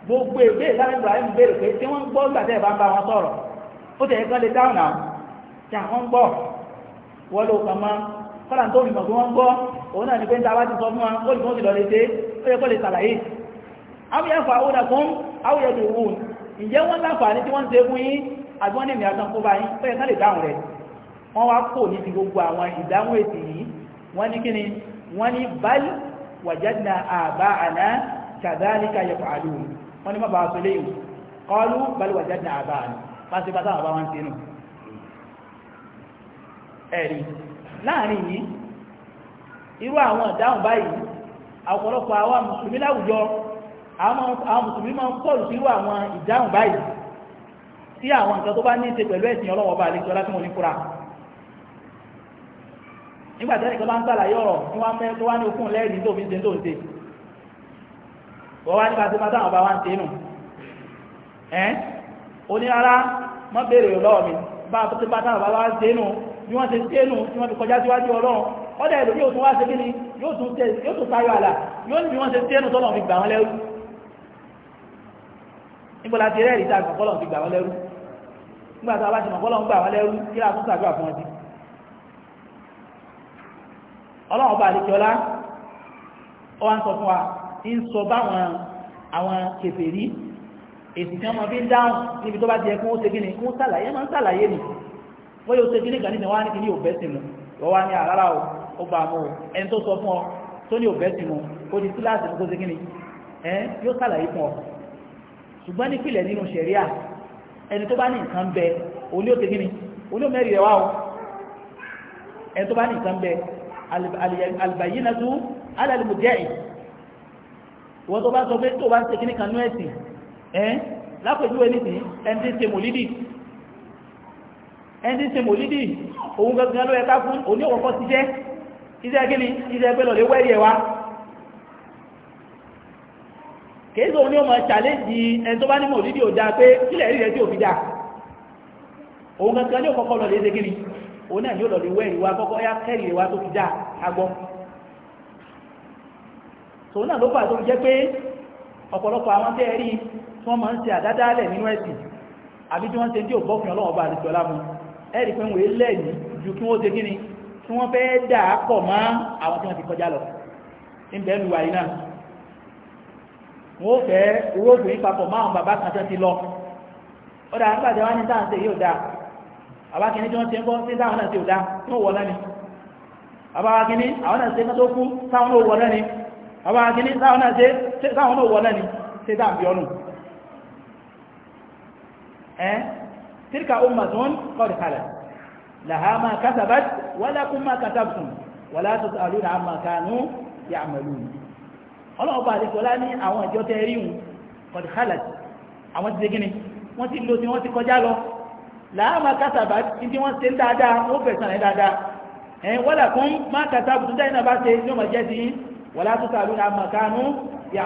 gbogbo ìbéèrè sáré Ibrahim bẹ́ẹ̀ pé tí wọ́n gbọ́ àwọn yẹn fàáwó nà fún àwọn yẹn dùn wùn ǹjẹ́ wọ́n láǹfààní tí wọ́n ń ṣe fún yín àbí wọ́n ní ìmì àtàn kó bá yín ó ká lè dáhùn rẹ̀ wọ́n wá kò ní ti gbogbo àwọn ìdáhùn èsì yìí wọ́n ní kíni wọ́n ní bal wajadna aba'ana kadhalika yaf'alun wọ́n ní má bàa sọ léyìn qalu wajadna aba'ana pàṣẹ bá sábà bá wọn ṣe nù ẹ̀rí láàrin yìí irú àwọn ìdáhùn báyìí ọ̀pọ̀lọpọ̀ àwa mùsùlùmí láwùjọ àwọn mùsùlùmí máa ń pọ̀lù sírú àwọn ìdáhùn báyìí sí àwọn nǹkan tó bá ní í ṣe pẹ̀lú ẹ̀sìn ọlọ́wọ́ bá àlejò ọlá tí wọ́n ní fúra nígbà tí ẹnìkan bá ń sàlàyé ọ̀rọ̀ tí wọ́n fẹ́ tó wá ní okùn lẹ́rìí tó fi ń ṣe tó ń ṣe wọ́n wá nípa tí wọ́n táwọn bá wá ń ṣe nù ẹ́ onírara wọ́n béèrè lọ́wọ́ mi bá tó ti bá táwọn bá wá ń ṣe nù bí wọ́n ṣe ṣe nù tí wọ́n ti kọjá síwájú ọlọ́run ọ̀dẹ̀ ìlú yóò tún wá ṣe kí ni yóò tún tayọ àlà yóò ní bí wọ́n ṣe ṣe nù tọ́lọ̀ fi gbà wọn lẹ́rú níbo la ti rẹ́ẹ̀rí tá a gbà fọ́lọ̀ ti gbà wọ́n lẹ́rú nígbà tá a bá ti mọ̀ fọ́lọ̀ ń gbà wọ́n lẹ́rú kí láà tún sàdúrà fún ọdí ọlọ́run ọba àlejòọlá ó wá ń sọ fún wa ń sọ báwọn àwọn kèfèrí èsì tí wọ́n fi ń dáhùn níbi tó bá ti yẹ kó ṣe kíni kó sàlàyé máa ń sàlàyé nì wọ́n yóò ṣe kíni gàní wá ní kíní òbẹ́ mu wọ́n wá ní àrárá o ó gbà mọ́ o ẹni tó sọ fún ọ tó ní òbẹ́ sí mu ó di síláàsì kó ṣe kíni ẹ yóò sàlàyé fún ọ ṣùgbọ́n nípìnlẹ̀ nínú ṣẹ̀ríà ẹni tó bá ní nǹkan bẹ olí òtẹ́ gíní olí òmẹ́rì rẹ̀ wá o ẹni tó bá ní nǹkan bẹ albayinatu alalimujẹ́ì wọ́n tó bá sọ pé tó bá ń ṣe kíní kan ní ẹ̀sìn ẹ́ lápẹ̀jú ẹni tí ẹni tí ń ṣe mòlídì ẹni tí ń ṣe mòlídì òun gangan ló yẹ ká fún oní ti jẹ́ iṣẹ́ gíní iṣẹ́ pé lọ́lẹ́wẹ́rì ẹ̀ wá kèéso ní ọmọ ṣàlẹ́jì ẹni tó bá ní mọ̀lídì ò dáa pé sílẹ̀ rí rẹ̀ tí ò fi dáa òun kankan ní òkọ́kọ́ lọ lè ṣe kíni òun náà yóò lọ lè wẹ́ẹ̀rì wa kọ́kọ́ yá kẹ́rì wa tó fi dáa agbọ́ tòun náà ló fà tó fi jẹ́ pé ọ̀pọ̀lọpọ̀ àwọn tẹ́ rí tí wọ́n máa ń ṣe àdádálẹ̀ nínú ẹ̀sìn àbí tí wọ́n ṣe tí ò bọ́fin ọlọ́wọ́ bá àdìsọ lámú ẹ̀rì pé wọ́n lẹ́yìn ju kí wọ́n ṣe kíni tí wọ́n fẹ́ dà á wọ́n fẹ́ owó obìnrin papọ̀ máwọn bàbá kan tán ti lọ ó dáa nígbà tí ní táà yóò dáa bàbá tí wọ́n ti ń bọ́ sí táwọn náà ti ò dáa tí wọ́n wọ lẹ́ni àwọn náà ṣe tó kú táwọn náà wọ lẹ́ni bàbá náà ṣe táwọn náà wọ lẹ́ni ṣe dáa bí tíríkà ó mà tó ń kọ́ ìkàlẹ̀ làhá ọlọ́ọ̀bá àdìsọ́lá ní àwọn ìjọ tẹ́ rí hùn kọ̀dì khalad àwọn ti segin ni wọ́n ti lo tí wọ́n ti kọjá lọ làámà kásàbà tí wọ́n ṣe ń dáadáa wọ́n fẹ̀ sàn ẹ́ dáadáa ẹ̀ wọ́lá kún má kásàbù tó dáìnà bá ṣe ní ọmọ jẹ́ ti wọ́lá tó sàlù ní àmàkánú yà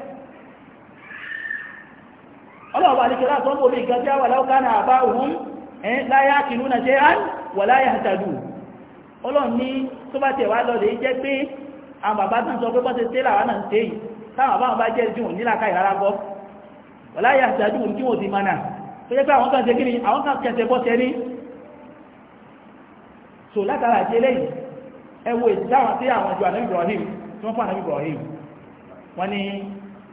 ọlọ́ọ̀bá àríkẹ́lá tó ń bò bí ìgbàjá wà láwọ́ kánà àbá òun láyá kìlú na jẹ́ án wà láyá àtàdù ọlọ́run ní tó bá tẹ̀wà lọ́dẹ̀ jẹ́ pé àwọn bàbá tán sọ pé bọ́sẹ̀ tẹ́lá wà náà ń tẹ́yì táwọn bá wọn bá jẹ́ jù nílàkà ìrara gbọ́ wà láyá àtàdù kí wọ́n ti mana ni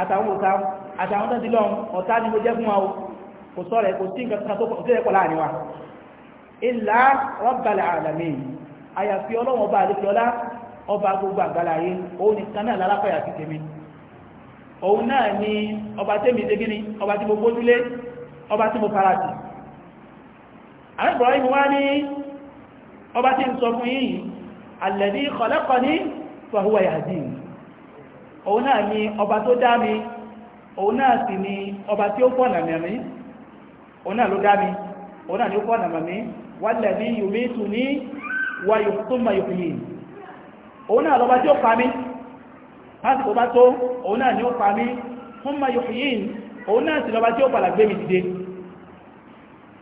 àtàwọn ọ̀tá àtàwọn tó ti lọ ọ̀tá ni mo jẹ́ fún wa o kò sọ́rẹ̀ kò sí nǹkan tó tẹ́lẹ̀ pọ̀ láàrin wa ilá Rabbal Alamin àyàfi ọlọ́wọ̀n ọba àdéfiọlá ọba gbogbo àgbàláyé òun nìkan ni ọba tèmi dégíní òun náà ni ọba tó dá mi òun náà sì ni ọba tí ó pọ̀ nàmì àmì òun náà ló dá mi òun náà ni ó pọ̀ nàmì àmì wálẹ̀ ní yomi tù ní wáyò tó mọ yòkù yìí òun náà lọ́ba tí ó pa mí lásìkò bá tó òun náà ni ó pa mí fún mọ yòkù yìí òun náà sì lọ́ba tí ó padà gbé mi dìde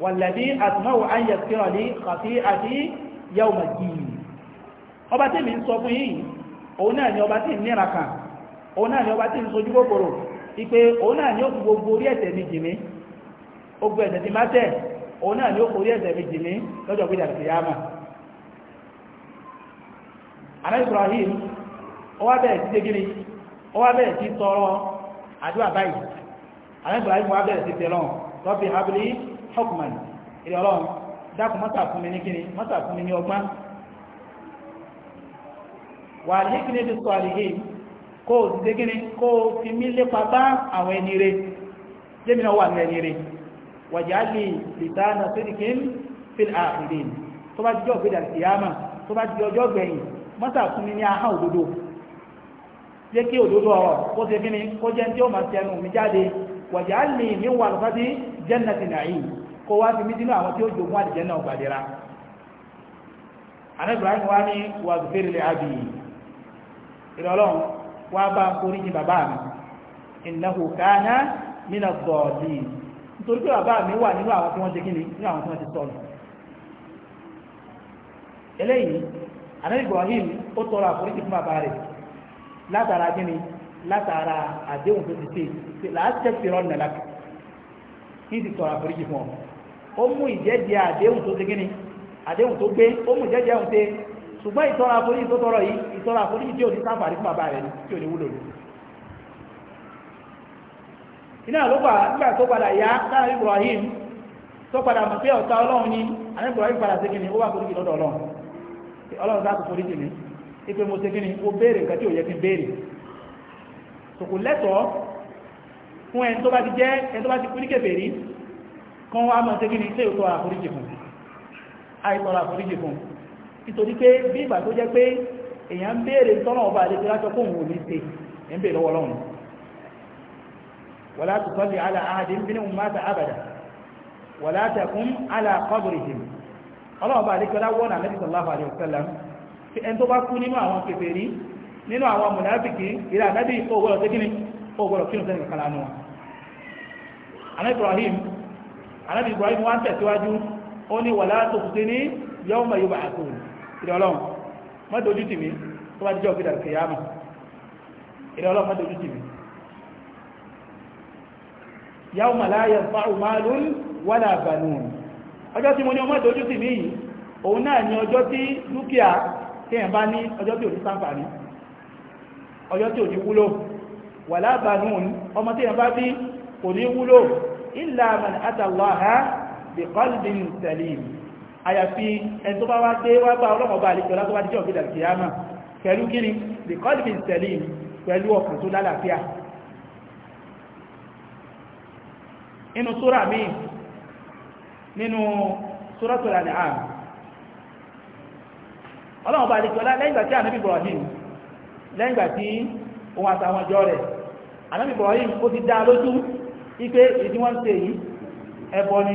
wàlẹ̀dí àtúnwò ayẹ̀ kíra ní kàfí àti yàwó màgì ọba tí mi ń sọ fún yìí òun náà ni ọba tí ń níra kan òun náà ni ọba tí ń sojú ipe òun náà ni ó gbogbo orí ẹ̀ṣẹ̀ mi jì mí ogbó ẹ̀ṣẹ̀ ti máa tẹ̀ òun náà ni ó kú orí mi jì mí lọ́jọ́ gbé dàbí yá mà Ibrahim tọrọ àdúrà báyìí àná Ibrahim wá bẹ̀rẹ̀ sí ilẹ̀ ọlọ́run dákun mọ́tà fún mi ní kíni mọ́tà fún kó o ti gíní kó o fi mí lépa bá àwọn ẹni rẹ̀ jẹ́mìnà wà ní ẹni rẹ̀ wàjá lè lìtánà sídìkín fil àfìdín tó bá jíjọ́ gbé dàrí ìyámà tó bá jíjọ́ ọjọ́ gbẹ̀yìn mọ́sà fún mi ní ahá òdodo jẹ́ kí òdodo ọ̀rọ̀ kó ṣe gíní kó jẹ́ tí ó máa ti ẹnu mi jáde wàjá lè ní wà lọ́fàdí jẹ́nàtì nàí kó wá fi mí sínú àwọn tí ó jogún àdìjẹ́ náà gbàdìra anábìrán wa ní wàzùfẹ́rẹ̀lẹ̀ àbì ìrọ̀lọ́run wá bá foríjì bàbá mi innahu kana mina dọ̀ọ̀dì nítorí pé bàbá mi wà nínú àwọn tí wọ́n ṣe kí ni nínú àwọn tí wọ́n ti sọnù eléyìí ànábì Ibrahim ó tọrọ àforíjì fún bàbá rẹ̀ látara kí látara àdéhùn tó ti ṣe làásẹ̀fìrọ̀ nàlákì kí ti tọrọ àforíjì fún ọ ó mú ìjẹ́jẹ́ àdéhùn tó ti kí àdéhùn tó gbé ó mú ìjẹ́jẹ́ òun ṣe ṣùgbọ́n ìtọ́ra àforíjì tó tọrọ yìí ìtọ́ra àforíjì tí ò ní sáfàrí fún bàbá rẹ̀ tí ò ní wúlò ní iná ló gbà nígbà tó padà yá lára Ibrahim tó padà mọ̀ pé ọ̀tá Ọlọ́run ni àní Ibrahim padà sí kíni ó wà foríjì lọ́dọ̀ Ọlọ́run Ọlọ́run sáà tó foríjì mi ipe mo ṣe kíni ó béèrè nǹkan tí ò yẹ kí n béèrè sòkò lẹ́tọ̀ọ́ fún ẹni tó bá ti jẹ́ ẹni tó bá ti nítorí pé bí ìgbà tó jẹ́ pé èèyàn ń béèrè tọ́nà ọba àlejò lájọ kó òun ò ní ṣe ń béèrè lọ́wọ́ lọ́run wàlá tó sọ́lé alá ahadin bí níhun máta abàdà wàlá tẹkùn alá kọ́bùrì hìm ọlọ́ọ̀ba àlejò láwọ́ nà nabi sallallahu alaihi wasallam ẹni ìrẹ̀ ọlọ́run má dojú tì mí tó bá jíjọ́ òkèdà kìyàmà ìrẹ̀ ọlọ́run má dojú tì mí yawma la yanfa'u malun wala banun ọjọ́ tí mo ní ọmọ dojú tì mí yìí òun náà ni ọjọ́ tí dúkìá téèyàn bá ní tí àyàfi ẹni tó bá wá dé wá bá ọlọ́mọba àlejò látọ́wá díjọ́ òfin dàbí kìyàmà pẹ̀lú kíni the colvin selim pẹ̀lú ọkàn tó lálàáfíà inú súrà míì nínú súrà tó lálẹ́ àmì ọlọ́mọba àlejò lẹ́yìn gbàtí ànábì Ibrahim lẹ́yìn gbàtí òun àtàwọn ọjọ́ rẹ̀ ànábì Ibrahim ó ti dá lójú wípé ìdí wọ́n ń ṣe yìí ẹbọ ni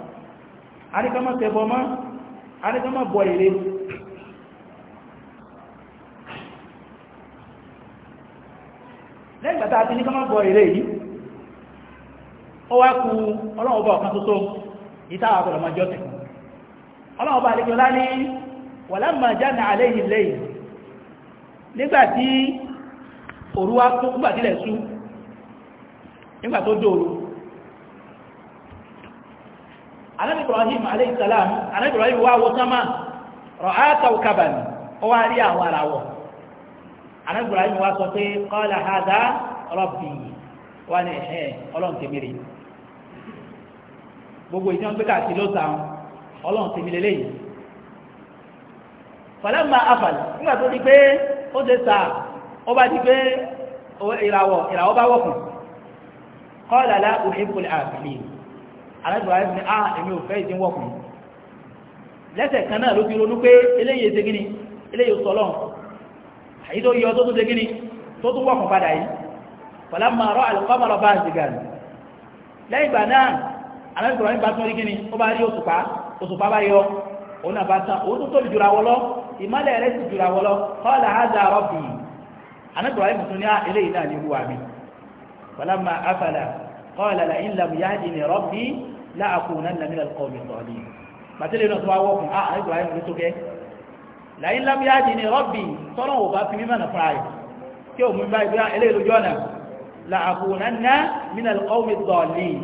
àríkàmọ́ tẹ̀bọ̀ mọ́ àríkàmọ́ bọ̀ èrè lẹ́gbàtà àti ní kọ́mọ́ bọ̀ èrè yìí ó wá kú ọlọ́ọ̀bọ̀ ọ̀kan tótó ìtàwà àpọ̀lọ̀mọ́ jọ́ tẹ̀kùn ọlọ́ọ̀bọ̀ àríkọlá ní wàlámà jáàmì àléyìn nígbàtí òru tó nígbàtí lẹ̀ sú dóoru alaɓi ibrahim alaihissalam alaɓi ibrahim wa wuta ma ra'a taukaban o wa ri awon arawo alaɓi ibrahim wa so te kola ha da rabbi wa ne he gbogbo iti on gbeka ti lota olon ti mi lele yi falamma afal nga to di pe o se sa o ba di pe o irawo irawo ba kola la uhibbul alágbèrè ayé ni ah èmi ò fẹ́ ìdí wọ̀kùn lẹ́sẹ̀ kan náà ló ti ronú pé eléyìí ṣe gíní eléyìí sọ lọ́n àyí tó yọ tó tó ṣe gíní tó tó wọ̀kùn padà yìí pẹ̀lá máa rọ àlùkọ́mọ̀rọ̀ bá ṣe gàlù lẹ́yìn ìgbà náà alágbèrè ayé bá tún rí gíní ó bá rí òṣùpá òṣùpá bá yọ òun náà bá tán òun tó tóbi jùra wọlọ́ ìmọ́lẹ̀ rẹ̀ sì jùra wọlọ́ kọ́lá áza rọ́bì alágbèrè ayé tuntun ní ah, eléyìí náà ní láàkúnnà min al-qawmi adh-dhalimin bàtẹ́lẹ̀ náà tó wá wọ́kùn á àìgbà ayé ló tókẹ́ láyé lábíyá di ni rọ́bì tọ́nà ò bá fi mímọ̀ nà fúnra rẹ̀ tí ò mú bá ìgbéra eléyìí ọ̀nà láàkúnnà min al-qawmi adh-dhalimin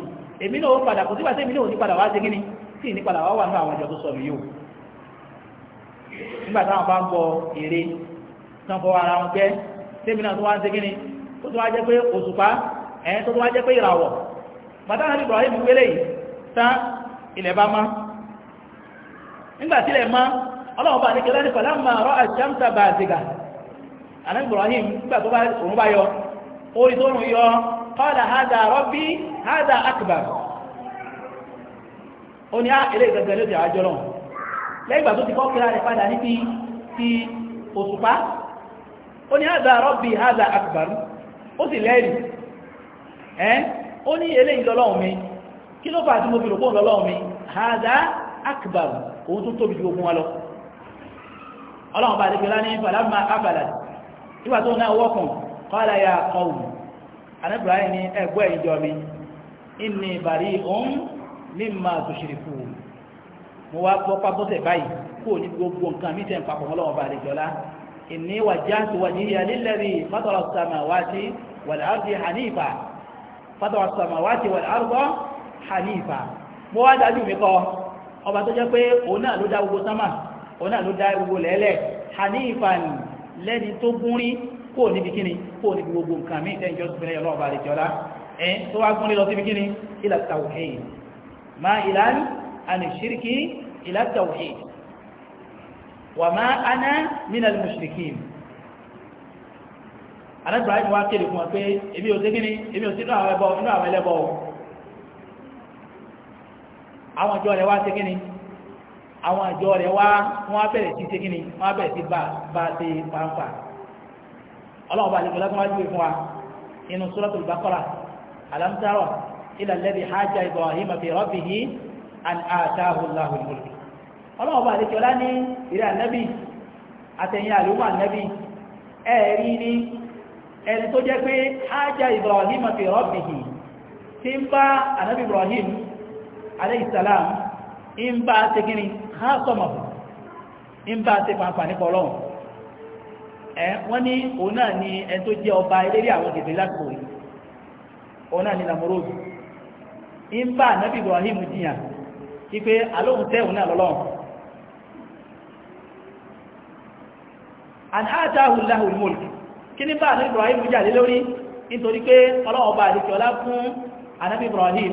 èmi náà ó padà kò sígbà sí èmi náà ò ní padà wá sí kíni tí ní padà wá wà ní àwọn ìjọ tó tó wá jẹ́ pé ìràwọ̀ bàtà náà ní ta ilẹ̀ bá má nígbà tí ilẹ̀ má ọlọ́run bá nìkẹ́ lẹ́nìkọ̀ láàmà rọ́ àjámsà bá àzìgà àná Ibrahim nígbà tó bá òun bá yọ orí tó rùn yọ qala hada rabbi hada akbar ó ní ilé ìgbẹ̀gbẹ̀ ló ti àjọ náà lẹ́yìn ìgbà tó ti kọ́ kíra rẹ̀ padà ní ti haza òṣùpá o ní hada rabbi hada akbar ó sì lẹ́rìí ẹ́ ní kí ló fà tí mo fi rògbò lọ́lọ́run mi haza akbar òun tó tóbi ju ogun wa lọ ọlọ́run bá lè gbẹ́lá ní falama abala nígbà tó náà wọ́kùn qala ya qawm anábìráyìn ní ẹgbẹ́ ìjọ mi inni bari'un mimma tushrikun mo wá gbọ́ pábọ́tẹ̀ báyìí kó ní gbogbo hanifa mo wá dájú mi kọ ọba tó jẹ́ pé òun náà ló dá gbogbo sánmà òun náà ló dá gbogbo lẹ́lẹ̀ hanifa ni lẹ́ni tó gúnrí kó níbi kíni kó níbi gbogbo nǹkan mí tẹ́jọ́ sí fẹ́lẹ́ ọlọ́ọ̀bà rẹ̀ jọlá ẹ̀ tó wá gúnrí lọ síbi kíni ila tawhid ma ìlànà àni ṣíríkì ila tawhid wa ma ana minal mushrikin alábìráyìn wá kéde fún wa pé èmi ò sí kíni èmi ò sí inú àwọn ẹlẹ́bọ àwọn ìjọ rẹ̀ wá ṣe kíni àwọn ìjọ rẹ̀ wá wọ́n bẹ̀rẹ̀ sí ṣe kíni wọ́n bẹ̀rẹ̀ sí bá ṣe pàǹpà ọlọ́run bá lẹ́gbẹ̀ẹ́ lọ́tún wá jù fún wa inú suratul Baqara alam tara ila alladhi hajja Ibrahima fi rabbihi an ataahu Allahu al aleyhisalaam ń bá a ṣe kíni ha sọmọ̀ ń bá a ṣe fanfa nípa ọlọ́run ẹ wọ́n ní òun náà ni ẹni tó jẹ́ ọba eléré àwọn gèdè lásìkò yìí òun náà ni namorozu ń bá anabi ibrahim jiyàn ipe alóhun tẹ́ òun náà lọ́lọ́run àti àtàhùn láhùn mọ́lù kí ní bá anabi ibrahim jà lé lórí nítorí pé ọlọ́wọ́ bá àdìkẹ́ ọlá fún anabi ibrahim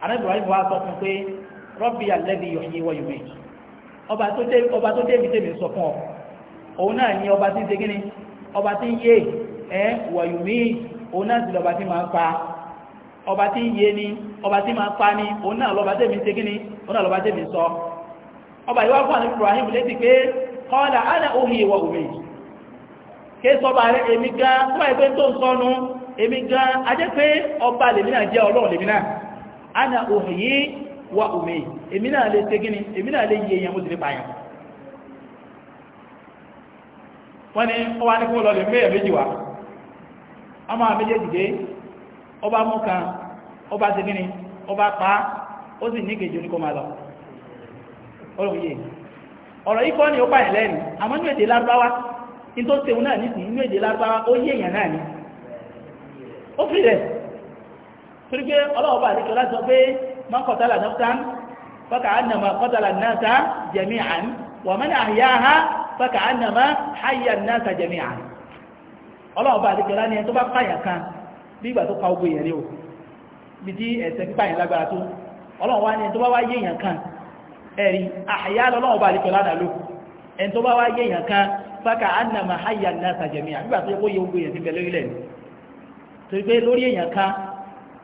anábìrò ayé wa sọ fún pé rọ́bì alẹ́bí yọ̀yí wọ yòmí ọba tó débi tèmi sọ fún ọ òun náà ní ọba tí ń ṣe kíni ọba tí ń yé ẹ wọ yòmí òun náà sì lọ́ba tí máa ń pa ọba tí ń yé ni ọba tí máa ń pa ni òun náà lọ́ba tèmi ń ṣe kíni òun náà lọ́ba tèmi sọ ọba ìwà fún àníbi Ibrahim létí pé kọ́lá ánà òhì ìwọ̀ òmì ké sọba rẹ̀ èmi gan tó bá ìpé tó ń sọnù èmi gan ajẹ́ pé ọba lèmi náà jẹ́ ọlọ́run lèmi náà ana òhìyí wa òmè èmi náà lè ṣe gíní èmi náà lè yí èyàn mo sì lè pààyàn wọ́n ní ọwá ní kó lọlẹ̀ mẹ́yẹ̀ méjì wá ọmọ méjèèjì dé ọba mú kan ọba ṣe gíní ọba pa ó sì ní kejì oníkọ́ máa lọ ọlọ́run yìí yìí kọ́ ni ó pààyàn lẹ́nu àmọ́ ní èdè lárúbáwá ní tó náà nísìnyí ní èdè lárúbáwá ó yé èèyàn náà ni ó fi rẹ̀ torí pé ọlọ́wọ́ bá àdékọ́lá sọ pé man qatala nafsan faka'annama qatala an-nasa jami'an wa man ahyaha faka'annama hayya an-nasa jami'an ọlọ́wọ́ bá àdékọ́lá ni ẹni tó bá pààyàn kan bí ìgbà tó pa ogun yẹn rí bí tí ẹ̀sẹ̀ pípààyàn lágbára tó ọlọ́wọ́ ní ẹni tó bá wá yéèyàn èèyàn kan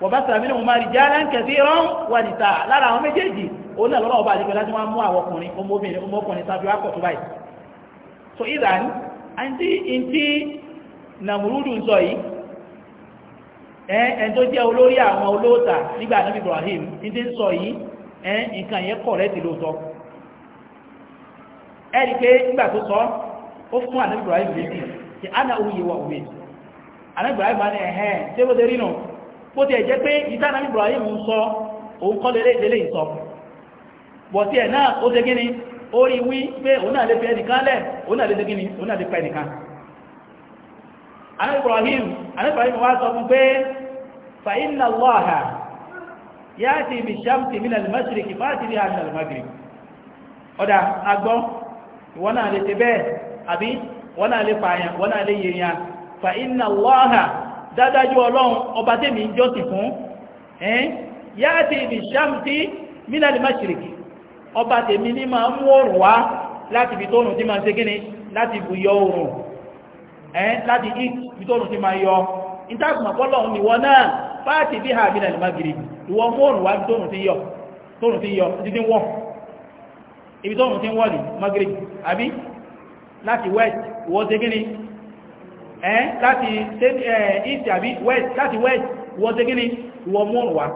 wọ̀bátà mi ni mo máa rí jáde ń rán wà níta lára àwọn méjèèjì òun náà lọ́wọ́ ọba àdìgbẹ́ láti máa mú àwọn ọkùnrin ọmọbìnrin ọmọkùnrin tàbí báyìí so ìlànà àti ìntí nàmúrúdù ń sọ yìí ẹn tó jẹ́ olórí àwọn olóòtà Ibrahim ìntí ń sọ yìí ẹn nǹkan yẹn kọ̀ lóòótọ́ pé nígbà Ibrahim létí kí ana Ibrahim máa ní bó ti ẹ̀jẹ́ pé ìtànà Ibrahim ń sọ òun kọ́ lélé ìdílé ìsọ bọ̀ tí ẹ̀ náà ó o gíní ó rí wí pé òun náà lè fi ẹnìkan lẹ̀ òun náà lè ẹnìkan Allaha ya al al agbọ́ ìwọ́n náà lè ṣe bẹ́ẹ̀ àbí wọ́n náà lè pààyàn wọ́n náà lè fa inna Allaha dádájú ọlọ́run ọba tèmi ń jọ́sìn fún ẹ́n ibi sàmùtì mínàlì máṣíríkì ọba tèmi ní máa mú òrùn wá láti ibi tóòrùn tí máa ṣe kíni láti ibù yọ òrùn ẹ́n láti ibi tóòrùn tí máa yọ ìtàkùnmọ̀pọ̀lọ̀ ìwọ náà fáàtì bí ha mínàlì mágìrì ìwọ mú òrùn wá tóòrùn tí yọ yọ ẹ́ láti east àbí west láti west wọ́n tẹ́ wọ́n ọ wá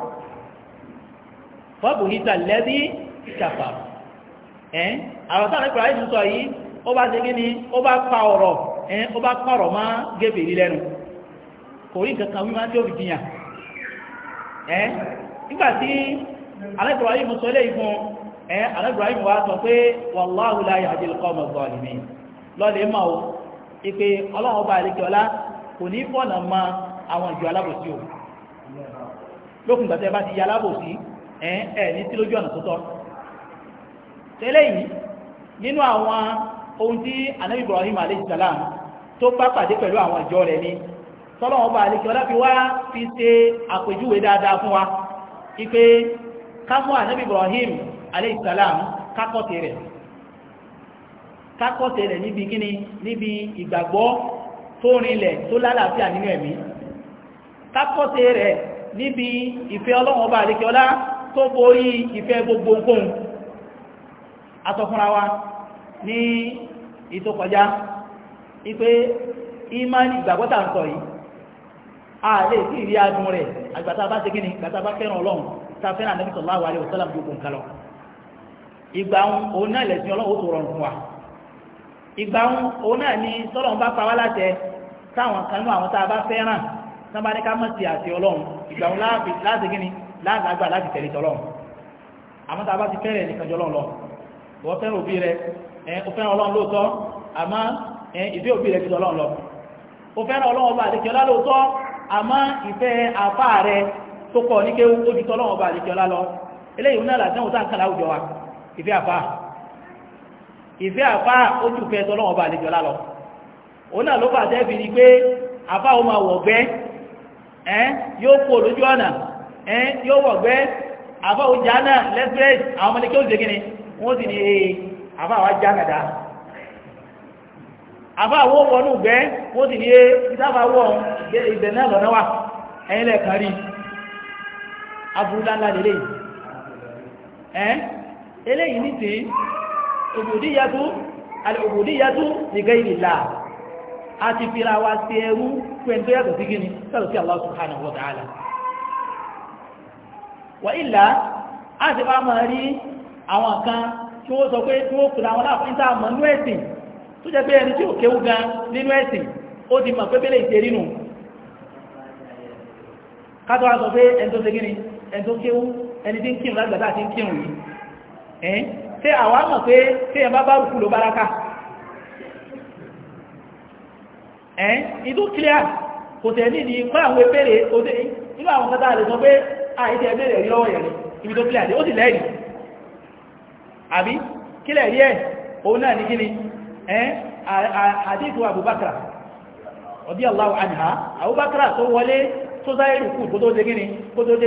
fọ́bù hìtà lẹ́bí ìṣàfà ẹ́ àrọ̀tà rẹ̀ pẹ̀lú àìsùn yìí ó bá tẹ́ gíní ó bá pa ọ̀rọ̀ ẹ́ ó bá pọ̀rọ̀ má gébè rí lẹ́nu kò rí nǹkan kan wí tí ó fi jiyàn ẹ́ ipe ọlọ́run ọba àlejò ọlá kò ní fọ̀nà ma àwọn ìjọ alábòsí o lókun gbàtẹ́ bá ti yẹ alábòsí ẹ ẹ ní sí lójú ọ̀nà tó tọ́ tẹ́lẹ̀ yìí nínú àwọn ohun tí anabi Ibrahim alayhi salam tó bá pàdé pẹ̀lú àwọn ìjọ rẹ̀ ni tọ́lọ́run ọba àlejò ọlá fi wá fi ṣe àpèjúwe dáadáa fún wa ipe kámú anabi Ibrahim alayhi salam kákọ́ tẹ̀rẹ̀ kákọ́sẹ̀ rẹ̀ níbi kíni níbi ìgbàgbọ́ tó rinlẹ̀ tó lálàáfíà nínú ẹ̀mí kákọ́sẹ̀ rẹ̀ níbi ìfẹ́ ọlọ́wọ́n bá àríkẹ́ọlá tó borí ìfẹ́ gbogbo nǹkan atọ́fúnra wa ní ìtòkọjá ipé imani ìgbàgbọ́ta ń sọ yìí a lè sí ìrí adùn rẹ̀ àgbàtà bá ṣe kíni àgbàtà bá fẹ́ràn ọlọ́run ta fẹ́ràn Ànábì sallallahu alaihi wasallam gbogbo nǹkan lọ ìgbà òun náà lẹ̀sìn ìgbà òun náà ni sọ́lọ́run bá pa wá látẹ táwọn kan nínú àwọn tá a bá fẹ́ràn tán bá ní ká mọ̀ sí àti ọlọ́run ìgbà òun láti gíní láàgbà láti tẹ̀lé tọlọ́run àmọ́ tá a bá ti fẹ́rẹ̀ nìkan jọ lọ́run lọ wọ́n fẹ́ràn òbí rẹ ó fẹ́ràn ọlọ́run lóòótọ́ àmọ́ ìfẹ́ òbí rẹ ti tọ́ lọ́run lọ ó fẹ́ràn ọlọ́run ọba àdékẹ́ọ́lá lóòótọ́ àmọ́ ìfẹ́ àfá rẹ tó kọ̀ ní ìfẹ́ àfá ojú fẹ́ tọ́lọ́wọ́n bá àlejò lálọ òun náà ló bá tẹ́ fi Afa pé àfá òun máa wọ̀gbẹ́ ẹ́ yóò kó lójú ọ̀nà ẹ́ yóò wọ̀gbẹ́ àfá òun jáná lẹ́sírẹ́t àwọn ọmọdé kí ó ṣe kíni wọ́n sì ní àfá àwa já nàdá àfá àwọn owó ọ̀nù gbẹ́ wọ́n sì ní wọ̀ ìbẹ̀ náà lọ́nà wà ẹ̀yìn lẹ́ẹ̀kan rí òbòdíyàtú àlòbòdíyàtú nìgẹ́ ìlà àti fira wa sí ẹrú pẹ̀lú yàtọ̀ sí gíní sọ̀rọ̀ sí Allah subhanahu wa ta'ala wà ìlà á sì bá máa rí àwọn kan tí ó sọ pé tí ó kùnà àwọn láàfin tá a mọ̀ nínú ẹ̀sìn tó jẹ́ pé ẹni tí ò kéwú gan nínú ẹ̀sìn ó ti mọ̀ pépélé ìṣerí nù kátó wá sọ pé ẹni tó ṣe gíní ẹni tó kéwú ẹni tí ń kírun lágbàdá àti ń kírun yìí a àwa mọ̀ pé ṣé ẹ bá bá rùkú ló báraka ẹ̀ ìdú clear kò tẹ̀ ní ní fún àwọn ebéèrè òde nínú àwọn kọ́tà àlè sọ pé àìsí ẹgbẹ́rẹ̀ rí lọ́wọ́ yẹ̀rẹ̀ ibi tó clear dé ó sì lẹ́rìí àbí kílẹ̀ rí ẹ̀ òun náà ní kíni ẹ̀ àdíkù àbúbákàrà ọdí aláwọ̀ àníhà àbúbákàrà tó wọlé tó sáyé rùkú kó tó dé kíni kó tó dé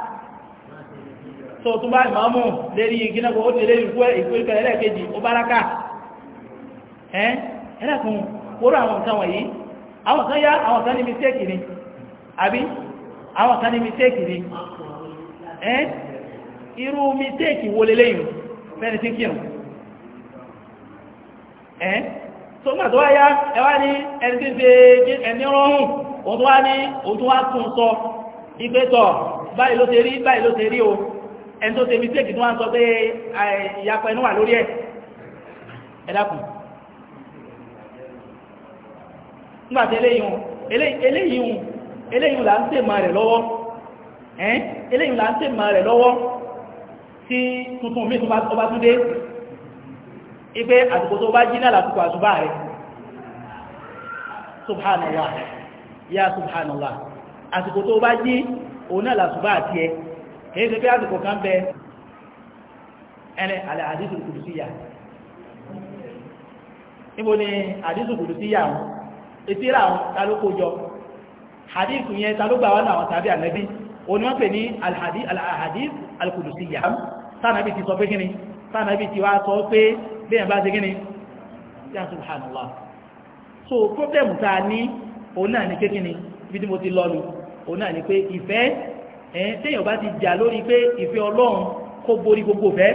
tó tún bá ìmáàmù lérí ìgínàkọ̀ ó tẹ̀lé ìkú ìpínlẹ̀ ẹlẹ́ẹ̀kejì ó báraka ẹ́ ẹlẹ́kùn kóró àwọn nǹkan wọ̀nyí àwọn kan yá àwọn kan ní mistake ni àbí àwọn kan ní mistake ni ẹ́ irú mistake wo leléyìn fẹ́ni tí kírun ẹ́ tó báyìí ló ṣe rí báyìí ló ṣe rí o ẹni tó ṣe mistake tó wá ń sọ pé ìyapa ẹnu wà lórí ẹ̀ ẹ dákun nígbà tí eléyìí eléyìí eléyìí là ń tè máa rẹ̀ lọ́wọ́ ẹ́n eléyìí là ń tè máa rẹ̀ lọ́wọ́ tí tuntun mi tó bá tún dé ipé àsìkò tó bá jí náà lásìkò àsùbá rẹ̀ subhanallah ya subhanallah àsìkò tó bá jí òun náà lásùbá àti ẹ̀ kìí ṣe pé àsìkò kan bẹ ẹni àlẹ́ àdísù kùdùsíyà níbo ni àdísù kùdùsíyà wọn etíra àwọn ta ló kó jọ àdísù yẹn ta ló gbà wọn àwọn tàbí ànẹ́bí òní wọ́n pè ní alhadis alkùdùsíyà tánàbí ti sọ pé kíni tánàbí ti wá sọ pé bẹ́ẹ̀ bá ṣe kíni yá subhanallah so problem ta ẹ̀ téèyàn bá ti jà lórí pé ìfẹ́ ọlọ́run kó borí gbogbo fẹ́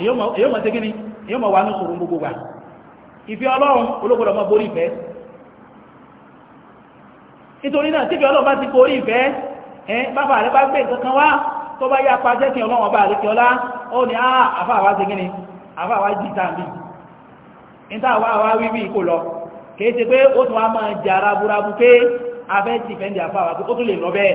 èyàn mọ̀ tẹ́gíní èyàn mọ̀ wà ní ṣòro gbogbo gbà ìfẹ́ ọlọ́run olókòrò mọ̀ borí ìfẹ́ nítorí náà tífẹ́ ọlọ́run bá ti borí ìfẹ́ ẹ̀ bábà rẹ bá gbé nǹkan wá tó bá yá pa jẹ́kìn ọlọ́run bá àríkẹ́ ọlá ó ní àfáàwá tẹ́gíní àfáàwá jì tàbí ìtàwá wá wí bí kò lọ kìí ṣe pé ó tún wá máa jà raburabu pé afẹ́ tìfẹ́ndì àfáàwá pé ó tún lè lọ bẹ́ẹ̀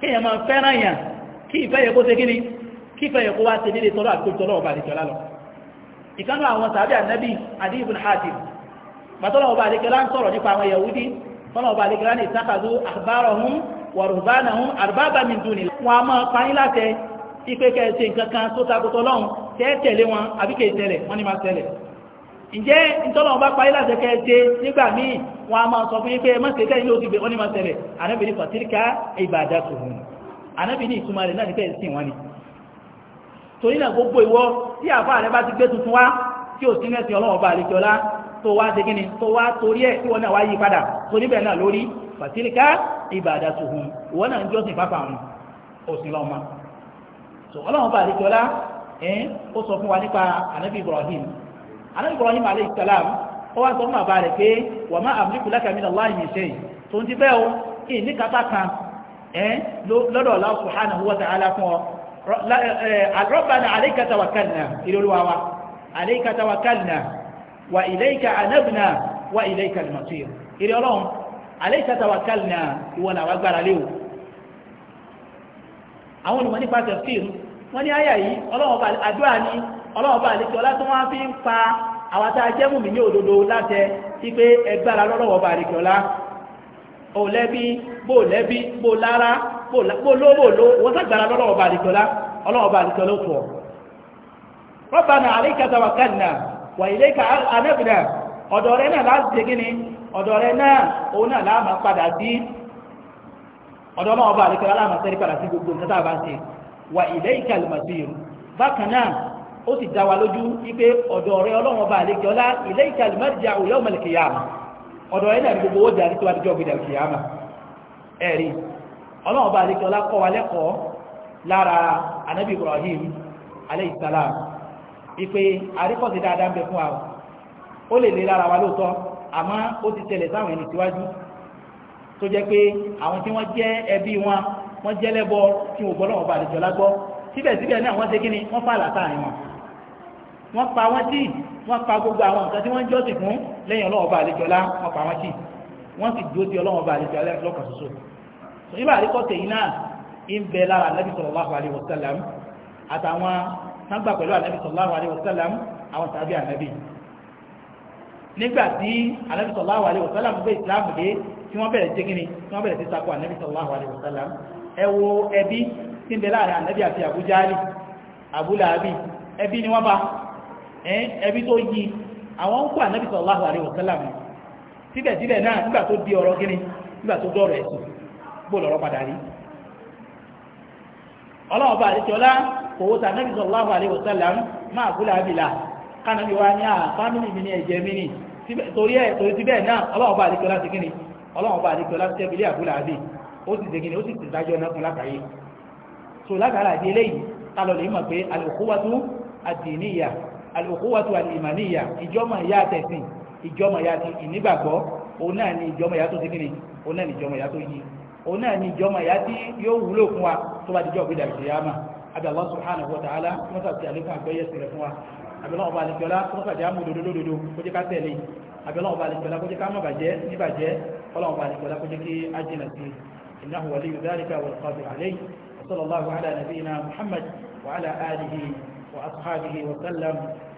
kí èèyàn máa fẹ́ràn èèyàn kí ìfẹ́ yẹ kó ṣe kíni kí ìfẹ́ yẹ kó wá ṣe nílé tọ́lọ́ àti tọ́lọ́ ọba àdìjọ́lá lọ ìkánú àwọn tàbí ànábì Adi ibn Hatim bàtọ́lọ́ ọba àdìjọ́lá ń sọ̀rọ̀ nípa àwọn Yahudi tọ́lọ́ ọba àdìjọ́lá ní ìsákàdú ahbarahum wa ruhbanahum arbaba min dunillah wọn a máa parí láti ipe kẹ́ ṣe nǹkan kan tó takòtò lọ́hùn tẹ́ wọn a máa sọ fún yín pé má ṣètẹ́ yìí ló ti bẹ̀ wọ́n ní máa ṣẹlẹ̀ ànábì ní fàtíríkà ìbàdà tó hùn ànábì ní ìtumọ̀ rẹ̀ náà ní fẹ́ẹ̀ sìn wọn ni torí náà gbogbo ìwọ tí àfa rẹ bá ti gbé tuntun wá tí ò sí mẹ́sìn ọlọ́wọ́ bá àlejò ọlá tó wá ṣe kíni tó wá torí ẹ̀ tí wọn náà wá yí padà torí bẹ́ẹ̀ náà lórí fàtíríkà ìbàdà tó hùn náà ń jọ́sìn ó wá sọ fún bàbá rẹ̀ pé wà má amliku laka min Allahi min shay tó ń ti bẹ́ẹ̀ o kí ní kápá kan ẹ́ lọ́dọ̀ Allah subhanahu wa ta'ala fún ọ rabbana alayka tawakkalna ìlúwa wọ́n ní àyà yìí ọlọ́run àdúrà ní ọlọ́run bá àlejò ọlá tó wọ́n fi ń pa àwọn tá a jẹ́ mùmí ní òdodo látẹ sí pé ẹgbára lọ́lọ́wọ́ bá àlejò ọlá ò lẹ́bí bó lẹ́bí bó lára bó ló bó ló wọ́n sàgbára lọ́lọ́wọ́ bá àlejò ọlá ọlọ́wọ́ bá àlejò ọlá ó tọ̀ Rabbana alayka tawakkalna wa ilayka ọ̀dọ̀ rẹ náà láti ṣe gíní ọ̀dọ̀ rẹ náà òun náà láàmà padà sí ọ̀dọ̀ ọmọ ọba àlekọ̀ọ́ láàmà sẹ́rí sí gbogbo nǹkan tá a bá ṣe wà ilayka al-masir ó sì dá wa lójú wípé ọ̀dọ̀ rẹ ọlọ́run ọba àlejò ọlá ilé ìtàlùmọ́jà òyà ọmọlẹ̀kẹ̀yàmà ọ̀dọ̀ rẹ náà ní gbogbo owó darí tó wá dijọ́ gbẹdẹ̀ kìyàmà ẹ̀rí ọlọ́run ọba àlejò ọlá kọ́ wa lẹ́kọ̀ọ́ lára anabi Ibrahim aleyhisalaam ìpè àríkọ̀sí dáadáa ń bẹ fún wa ó lè lè lára wa lóòótọ́ àmọ́ ó ti tẹ̀lẹ̀ sáwọn ẹni síwájú tó jẹ́ pé àwọn tí wọ́n jẹ́ ẹbí wọn wọ́n jẹ́ lẹ́bọ tí wọ́n gbọ́ lọ́wọ́ bá àlejò ọlá gbọ́ síbẹ̀síbẹ̀ náà wọ́n ṣe kí ni wọ́n fà látàrin wọn wọ́n pa wọ́n tì wọ́n pa gbogbo àwọn nǹkan tí wọ́n ń jọ́sìn fún lẹ́yìn ọlọ́run ọba àlejòlá wọ́n pa wọ́n tì wọ́n sì dúró ti ọlọ́run ọba àlejòlá lọ́kàn ṣoṣo so ibà àríkọ́ tèyí náà ń bẹ lára anábì sallallahu alaihi wasallam àtàwọn sangba pẹ̀lú anábì sallallahu alaihi wasallam àwọn tàbí anábì nígbà tí anábì sallallahu alaihi wasallam gbé ìsìlámù dé tí wọ́n bẹ̀rẹ̀ jẹ́gínni tí wọ́n bẹ̀rẹ̀ sí sako anábì sallallahu alaihi wasallam ẹ wo ẹbí tí ń bẹ láàrin anábì àti Abu Jahali Abu Lahabi ẹbí ni wọ́n bá Eh, ẹbí tó yí àwọn ń kó ànábì sallallahu alaihi wasallam síbẹ̀síbẹ̀ náà nígbà tó di ọ̀rọ̀ gíní nígbà tó dọ̀rọ̀ ẹ̀sùn bó lọ́rọ̀ padà rí ọlọ́ọ̀bà àdìsọ́lá kò wó ta ànábì sallallahu alaihi wasallam máa kú làbìlà kánàbí wa ní àfámìlì mi ní ẹ̀jẹ̀ mi ní torí ẹ̀ torí síbẹ̀ náà ọlọ́ọ̀bà àdìsọ́lá ti kíni ọlọ́ọ̀bà àdìsọ́lá ti tẹ́bílẹ̀ àbúlà àbí ó sì ṣe kíni ó sì al-ukhuwatu al-imaniyya ìjọmọ̀ ìyá àtẹ̀sìn ìjọmọ̀ ìyá ti ìnígbàgbọ́ òun náà ni ìjọmọ̀ ìyá tó ti kíni òun náà ni ìjọmọ̀ ìyá tó yí òun náà ni ìjọmọ̀ ìyá tí yóò wúlò fún wa tó bá dijọ́ gbéra al-qiyama àbí Allah subhanahu wa ta'ala wọ́n sàti àlékún àgbẹ́yẹ sílẹ̀ fún wa àbí Allah ọba àlejòlá wọ́n sàti àmú òdodo lódodo kó jẹ́ ká tẹ̀lé àbí Allah ọba àlejòlá kó jẹ́ ká má bàjẹ́ níbàjẹ́ Allah ọba àlejòlá kó jẹ́ kí á jìnà sí innahu waliyyu dhalika wal qadiru alayhi ala nabiyyina Muhammad wa ala alihi wa ashabihi wa sallam